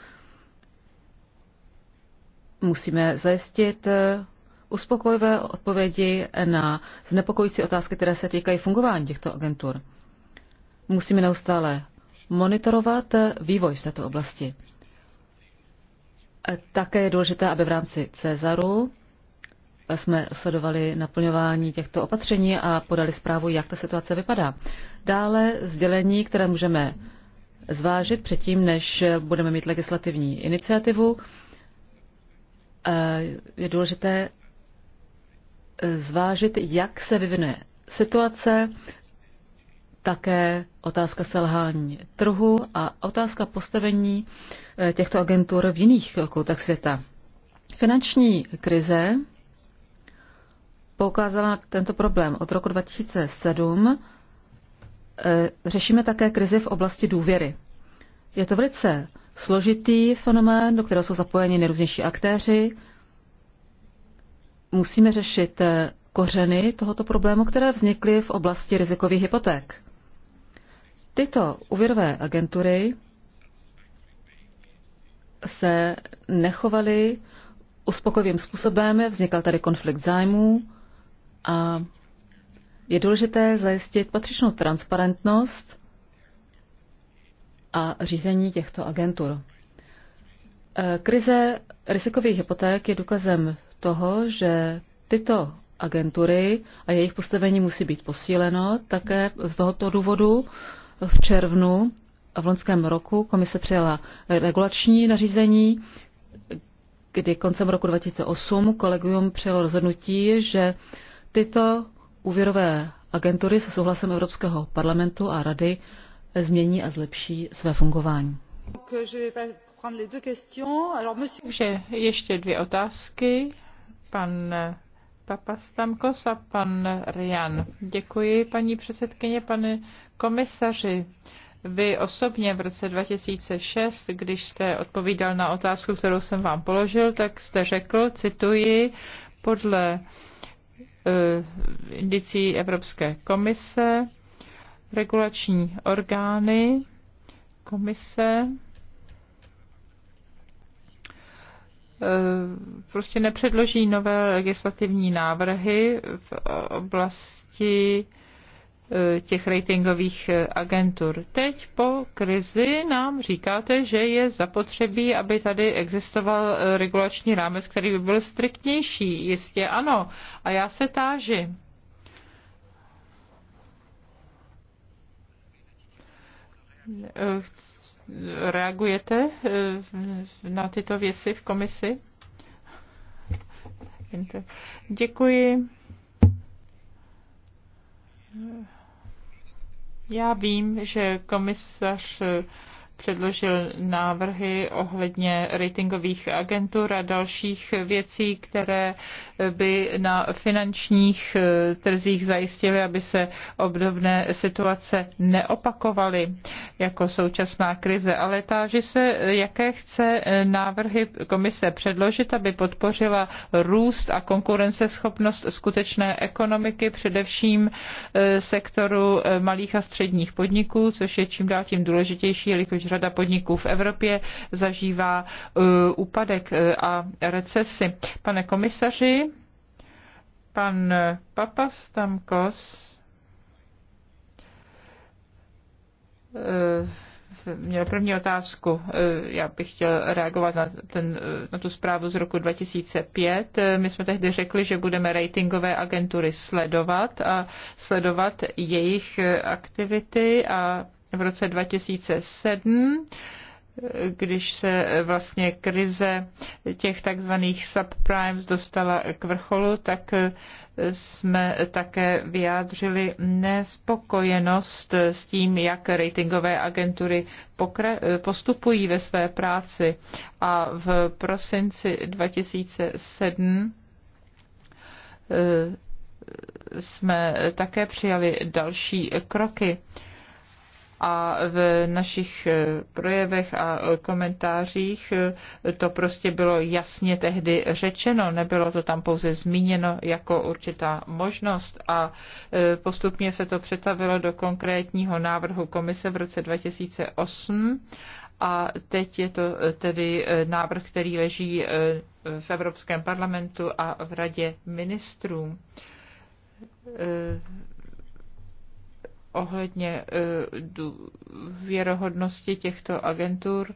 Musíme zajistit eh, uspokojivé odpovědi na znepokojící otázky, které se týkají fungování těchto agentur. Musíme neustále monitorovat vývoj v této oblasti. Také je důležité, aby v rámci Cezaru jsme sledovali naplňování těchto opatření a podali zprávu, jak ta situace vypadá. Dále sdělení, které můžeme zvážit předtím, než budeme mít legislativní iniciativu, eh, je důležité eh, zvážit, jak se vyvine situace, také otázka selhání trhu a otázka postavení eh, těchto agentur v jiných koutech světa. Finanční krize poukázala na tento problém. Od roku 2007 eh, řešíme také krizi v oblasti důvěry. Je to velice složitý fenomén, do kterého jsou zapojeni nejrůznější aktéři. Musíme řešit eh, kořeny tohoto problému, které vznikly v oblasti rizikových hypoték. Tyto úvěrové agentury se nechovaly uspokojivým způsobem, vznikal tady konflikt zájmů a je důležité zajistit patřičnou transparentnost a řízení těchto agentur. E, krize rizikových hypoték je důkazem toho, že tyto agentury a jejich postavení musí být posíleno také z tohoto důvodu, v červnu v loňském roku komise přijala regulační nařízení, kdy koncem roku 2008 kolegium přijalo rozhodnutí, že tyto úvěrové agentury se souhlasem Evropského parlamentu a rady změní a zlepší své fungování. Takže ještě dvě otázky. Pan Papastamkos a pan Rian. Děkuji, paní předsedkyně, pane komisaři. Vy osobně v roce 2006, když jste odpovídal na otázku, kterou jsem vám položil, tak jste řekl, cituji, podle eh, indicí Evropské komise, regulační orgány komise Eh, prostě nepředloží nové legislativní návrhy v oblasti eh, těch ratingových eh, agentur. Teď po krizi nám říkáte, že je zapotřebí, aby tady existoval regulační rámec, který by byl striktnější. Jistě ano. A já se táži. Chci Reagujete eh, na tyto věci v komisi? Děkuji. Já vím, že komisař předložil návrhy ohledně ratingových agentur a dalších věcí, které by na finančních eh, trzích zajistily, aby se obdobné situace neopakovaly jako současná krize. Ale táži se, jaké chce eh, návrhy komise předložit, aby podpořila růst a konkurenceschopnost skutečné ekonomiky, především eh, sektoru malých a středních podniků, což je čím dál tím důležitější, jelikož řada podniků v Evropě zažívá uh, úpadek uh, a recesi. Pane komisaři, pan Papastamkos uh, měl první otázku. Já bych chtěl reagovat na, ten, na tu zprávu z roku 2005. My jsme tehdy řekli, že budeme ratingové agentury sledovat a sledovat jejich aktivity a v roce 2007 když se vlastně krize těch takzvaných subprimes dostala k vrcholu, tak jsme také vyjádřili nespokojenost s tím, jak ratingové agentury postupují ve své práci. A v prosinci 2007 eh, jsme také přijali další kroky a v našich eh, projevech a eh, komentářích eh, to prostě bylo jasně tehdy řečeno, nebylo to tam pouze zmíněno jako určitá možnost a postupně se to přetavilo do konkrétního návrhu komise v roce 2008 a teď je to tedy návrh, který leží v Evropském parlamentu a v Radě ministrů ohledně eh, věrohodnosti těchto agentur,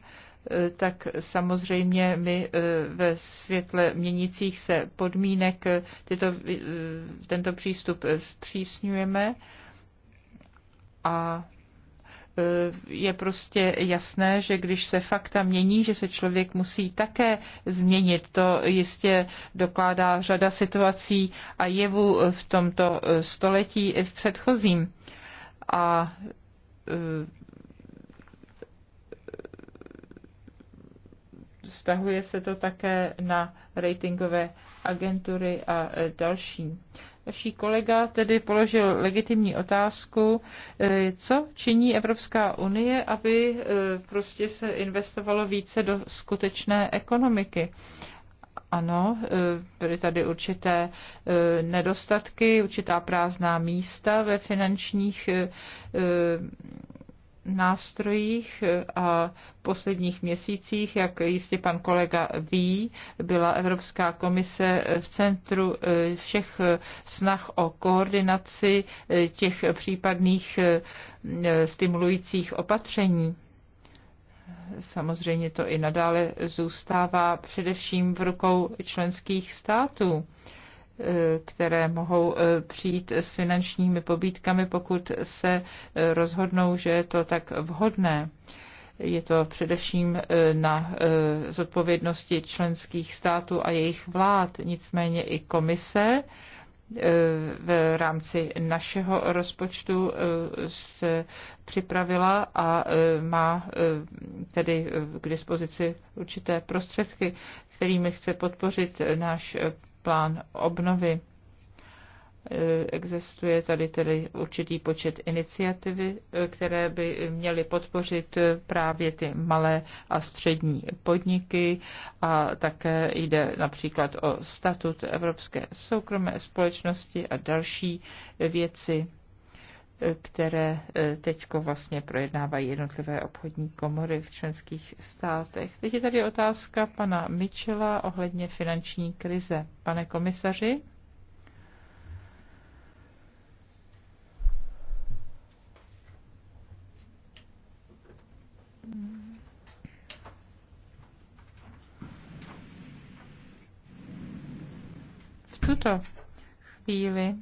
eh, tak samozřejmě my eh, ve světle měnících se podmínek tyto, tento přístup zpřísňujeme a je prostě jasné, že když se fakta mění, že se člověk musí také změnit. To jistě dokládá řada situací a jevů v tomto století i v předchozím a e, vztahuje se to také na ratingové agentury a e, další. Další kolega tedy položil legitimní otázku, e, co činí Evropská unie, aby prostě se investovalo více do skutečné ekonomiky. Ano, eh, byly tady určité eh, nedostatky, určitá prázdná místa ve finančních eh, nástrojích a posledních měsících, jak jistě pan kolega ví, byla Evropská komise v centru všech snah o koordinaci těch případných stimulujících opatření. Samozřejmě to i nadále zůstává především v rukou členských států, eh, které mohou eh, přijít s finančními pobídkami, pokud se eh, rozhodnou, že je to tak vhodné. Je to především na zodpovědnosti členských států a jejich vlád, nicméně i komise Eh, v rámci našeho rozpočtu eh, se připravila a eh, má tedy k dispozici určité prostředky, kterými chce podpořit náš plán obnovy. Eh, existuje tady tedy určitý počet iniciativy, eh, které by měly podpořit eh, právě ty malé a střední podniky a také jde například o statut Evropské soukromé společnosti a další věci, které teď vlastně projednávají jednotlivé obchodní komory v členských státech. Teď je tady otázka pana Michela ohledně finanční krize. Pane komisaři? tuto chvíli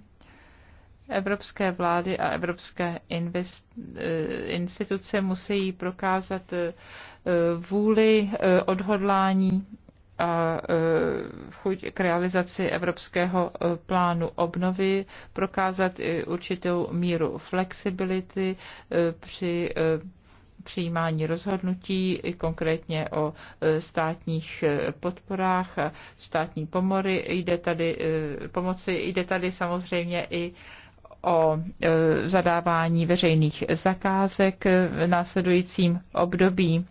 evropské vlády a evropské invest, eh, instituce musí prokázat eh, vůli, eh, odhodlání a chuť k realizaci evropského plánu obnovy, prokázat i určitou míru flexibility při přijímání rozhodnutí, i konkrétně o e, státních e, podporách, státní pomory. Jde tady, e, pomoci, jde tady samozřejmě i o zadávání veřejných zakázek v následujícím období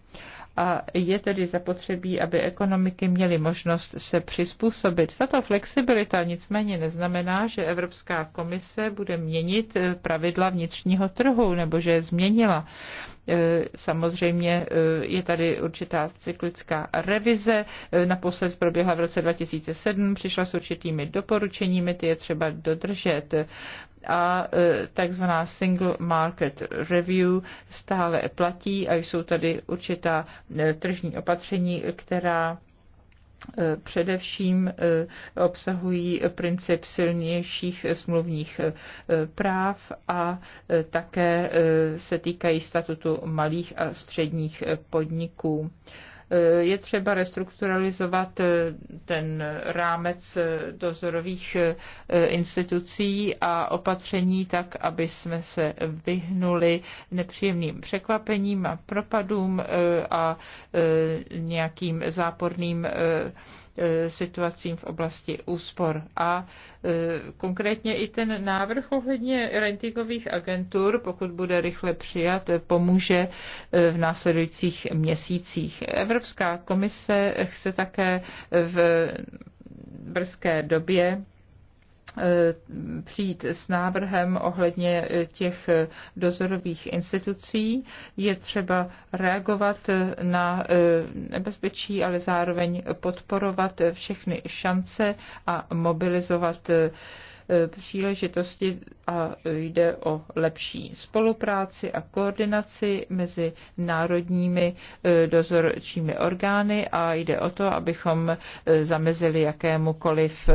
a je tedy zapotřebí, aby ekonomiky měly možnost se přizpůsobit. Tato flexibilita nicméně neznamená, že Evropská komise bude měnit eh, pravidla vnitřního trhu nebo že je změnila. Eh, samozřejmě eh, je tady určitá cyklická revize. Naposled proběhla v roce 2007, přišla s určitými doporučeními, ty je třeba dodržet a e, takzvaná Single Market Review stále platí a jsou tady určitá e, tržní opatření, která e, především obsahují princip silnějších smluvních práv a také se týkají statutu malých a středních podniků. Eh, je třeba restrukturalizovat eh, ten rámec eh, dozorových institucí a opatření tak, aby jsme se vyhnuli nepříjemným překvapením a propadům a nějakým záporným Eh, situacím v oblasti úspor. A eh, konkrétně i ten návrh ohledně rentingových agentur, pokud bude rychle přijat, pomůže eh, v následujících měsících. Evropská komise chce také v brzké době Eh, přijít s návrhem ohledně eh, těch eh, dozorových institucí. Je třeba reagovat na nebezpečí, ale zároveň podporovat všechny šance a mobilizovat Eh, příležitosti a jde o lepší spolupráci a koordinaci mezi národními eh, dozorčími orgány a jde o to, abychom eh, zamezili jakémukoliv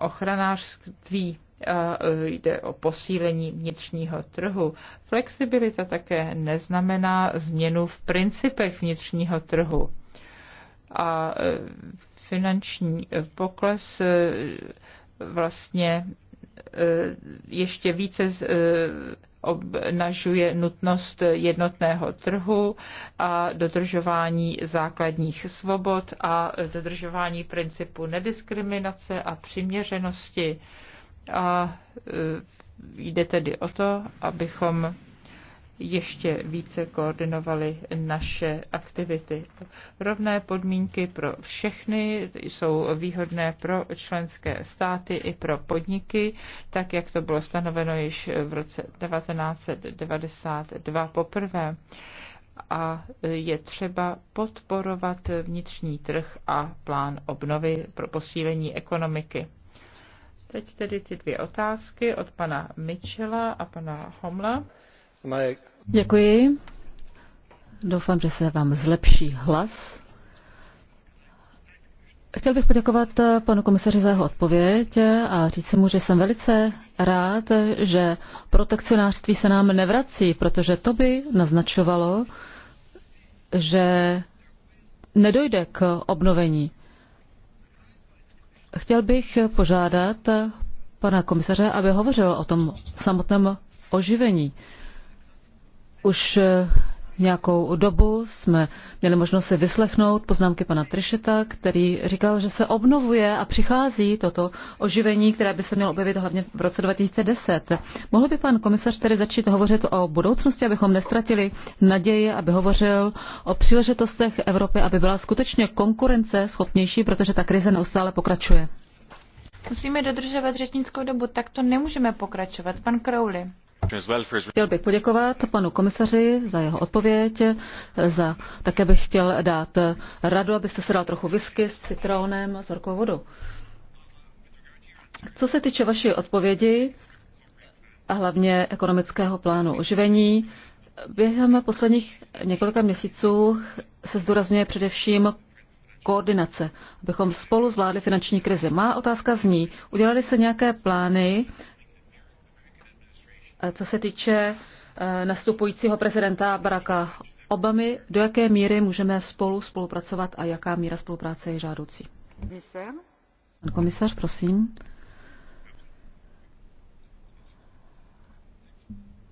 ochranářství a jde o posílení vnitřního trhu. Flexibilita také neznamená změnu v principech vnitřního trhu a e, finanční e, pokles e, vlastně ještě více obnažuje nutnost jednotného trhu a dodržování základních svobod a dodržování principu nediskriminace a přiměřenosti. A jde tedy o to, abychom ještě více koordinovali naše aktivity. Rovné podmínky pro všechny jsou výhodné pro členské státy i pro podniky, tak jak to bylo stanoveno již v roce 1992 poprvé a je třeba podporovat vnitřní trh a plán obnovy pro posílení ekonomiky. Teď tedy ty dvě otázky od pana Michela a pana Homla. Děkuji. Doufám, že se vám zlepší hlas. Chtěl bych poděkovat eh, panu komisaři za jeho odpověď a říct mu, že jsem velice rád, že protekcionářství se nám nevrací, protože to by naznačovalo, že nedojde k obnovení. Chtěl bych požádat pana komisaře, aby hovořil o tom samotném oživení. Už eh, nějakou dobu jsme měli možnost si vyslechnout poznámky pana Tršeta, který říkal, že se obnovuje a přichází toto oživení, které by se mělo objevit hlavně v roce 2010. Mohl by pan komisař tedy začít hovořit o budoucnosti, abychom nestratili naději, aby hovořil o příležitostech Evropy, aby byla skutečně konkurence schopnější, protože ta krize neustále pokračuje. Musíme dodržovat řečnickou dobu, tak to nemůžeme pokračovat. Pan Crowley. Chtěl bych poděkovat panu komisaři za jeho odpověď. Za, také bych chtěl dát radu, abyste se dal trochu whisky s citronem a s horkou vodou. Co se týče vaší odpovědi a hlavně ekonomického plánu oživení, během posledních několika měsíců se zdůrazňuje především koordinace, abychom spolu zvládli finanční krizi. Má otázka zní, udělali se nějaké plány co se týče eh, nastupujícího prezidenta Baracka Obamy, do jaké míry můžeme spolu spolupracovat a jaká míra spolupráce je žádoucí. Pan komisař, prosím.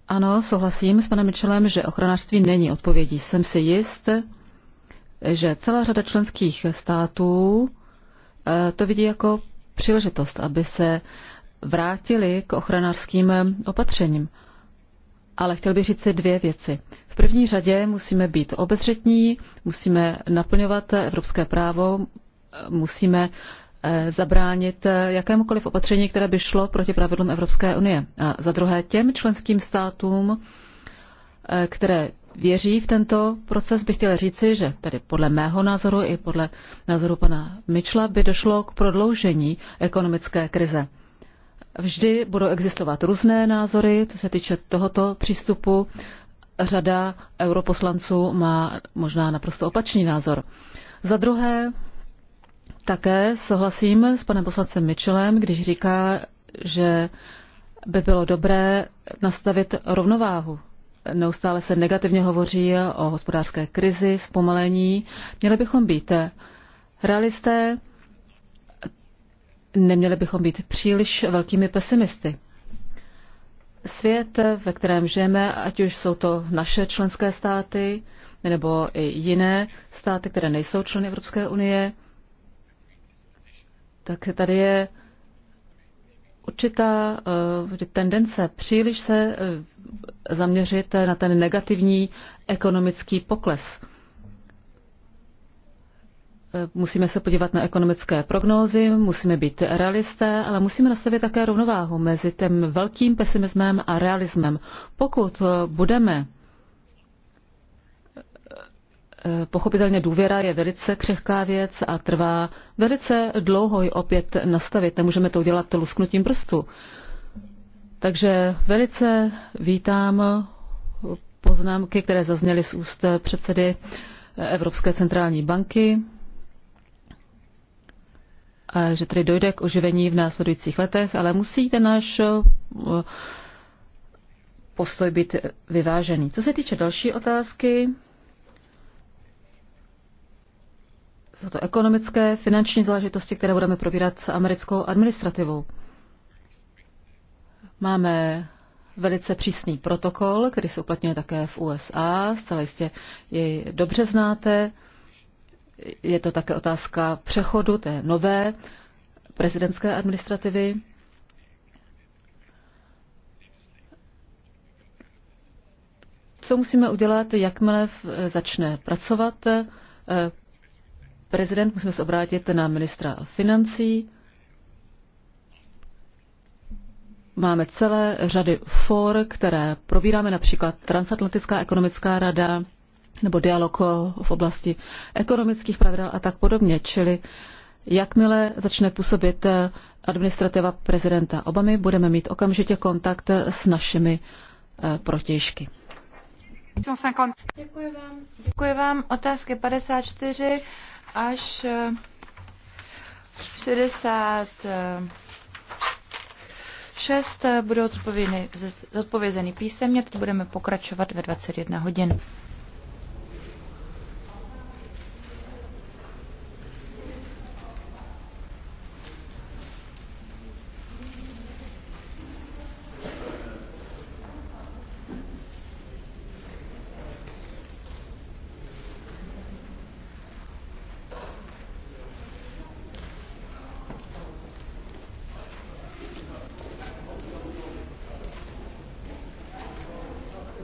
Ano, souhlasím s panem Mitchellem, že ochranářství není odpovědí. Jsem si jist, že celá řada členských států eh, to vidí jako příležitost, aby se vrátili k ochranářským opatřením. Ale chtěl bych říct si dvě věci. V první řadě musíme být obezřetní, musíme naplňovat evropské právo, musíme eh, zabránit jakémukoliv opatření, které by šlo proti pravidlům Evropské unie. A za druhé těm členským státům, eh, které věří v tento proces, bych chtěla říci, že tedy podle mého názoru i podle názoru pana Mičla by došlo k prodloužení ekonomické krize. Vždy budou existovat různé názory, co se týče tohoto přístupu. Řada europoslanců má možná naprosto opačný názor. Za druhé, také souhlasím s panem poslancem Mitchellem, když říká, že by bylo dobré nastavit rovnováhu. Neustále se negativně hovoří o hospodářské krizi, zpomalení. Měli bychom být realisté, Neměli bychom být příliš velkými pesimisty. Svět, ve kterém žijeme, ať už jsou to naše členské státy nebo i jiné státy, které nejsou členy Evropské unie, tak tady je určitá eh, tendence příliš se eh, zaměřit na ten negativní ekonomický pokles. Eh, musíme se podívat na ekonomické prognózy, musíme být realisté, ale musíme nastavit také rovnováhu mezi tím velkým pesimismem a realismem. Pokud eh, budeme eh, Pochopitelně důvěra je velice křehká věc a trvá velice dlouho ji opět nastavit. Nemůžeme to udělat lusknutím prstu. Takže velice vítám poznámky, které zazněly z úst předsedy Evropské centrální banky že tedy dojde k oživení v následujících letech, ale musí ten náš eh, postoj být vyvážený. Co se týče další otázky, jsou to ekonomické, finanční záležitosti, které budeme probírat s americkou administrativou. Máme velice přísný protokol, který se uplatňuje také v USA, zcela jistě jej dobře znáte. Je to také otázka přechodu té nové prezidentské administrativy. Co musíme udělat, jakmile začne pracovat eh, prezident, musíme se obrátit na ministra financí. Máme celé řady for, které probíráme, například Transatlantická ekonomická rada, nebo dialog v oblasti ekonomických pravidel a tak podobně. Čili jakmile začne působit eh, administrativa prezidenta Obamy, budeme mít okamžitě kontakt eh, s našimi eh, protěžky. Děkuji vám. Děkuji vám. Otázky 54 až 66 budou odpovězeny písemně. Teď budeme pokračovat ve 21 hodin.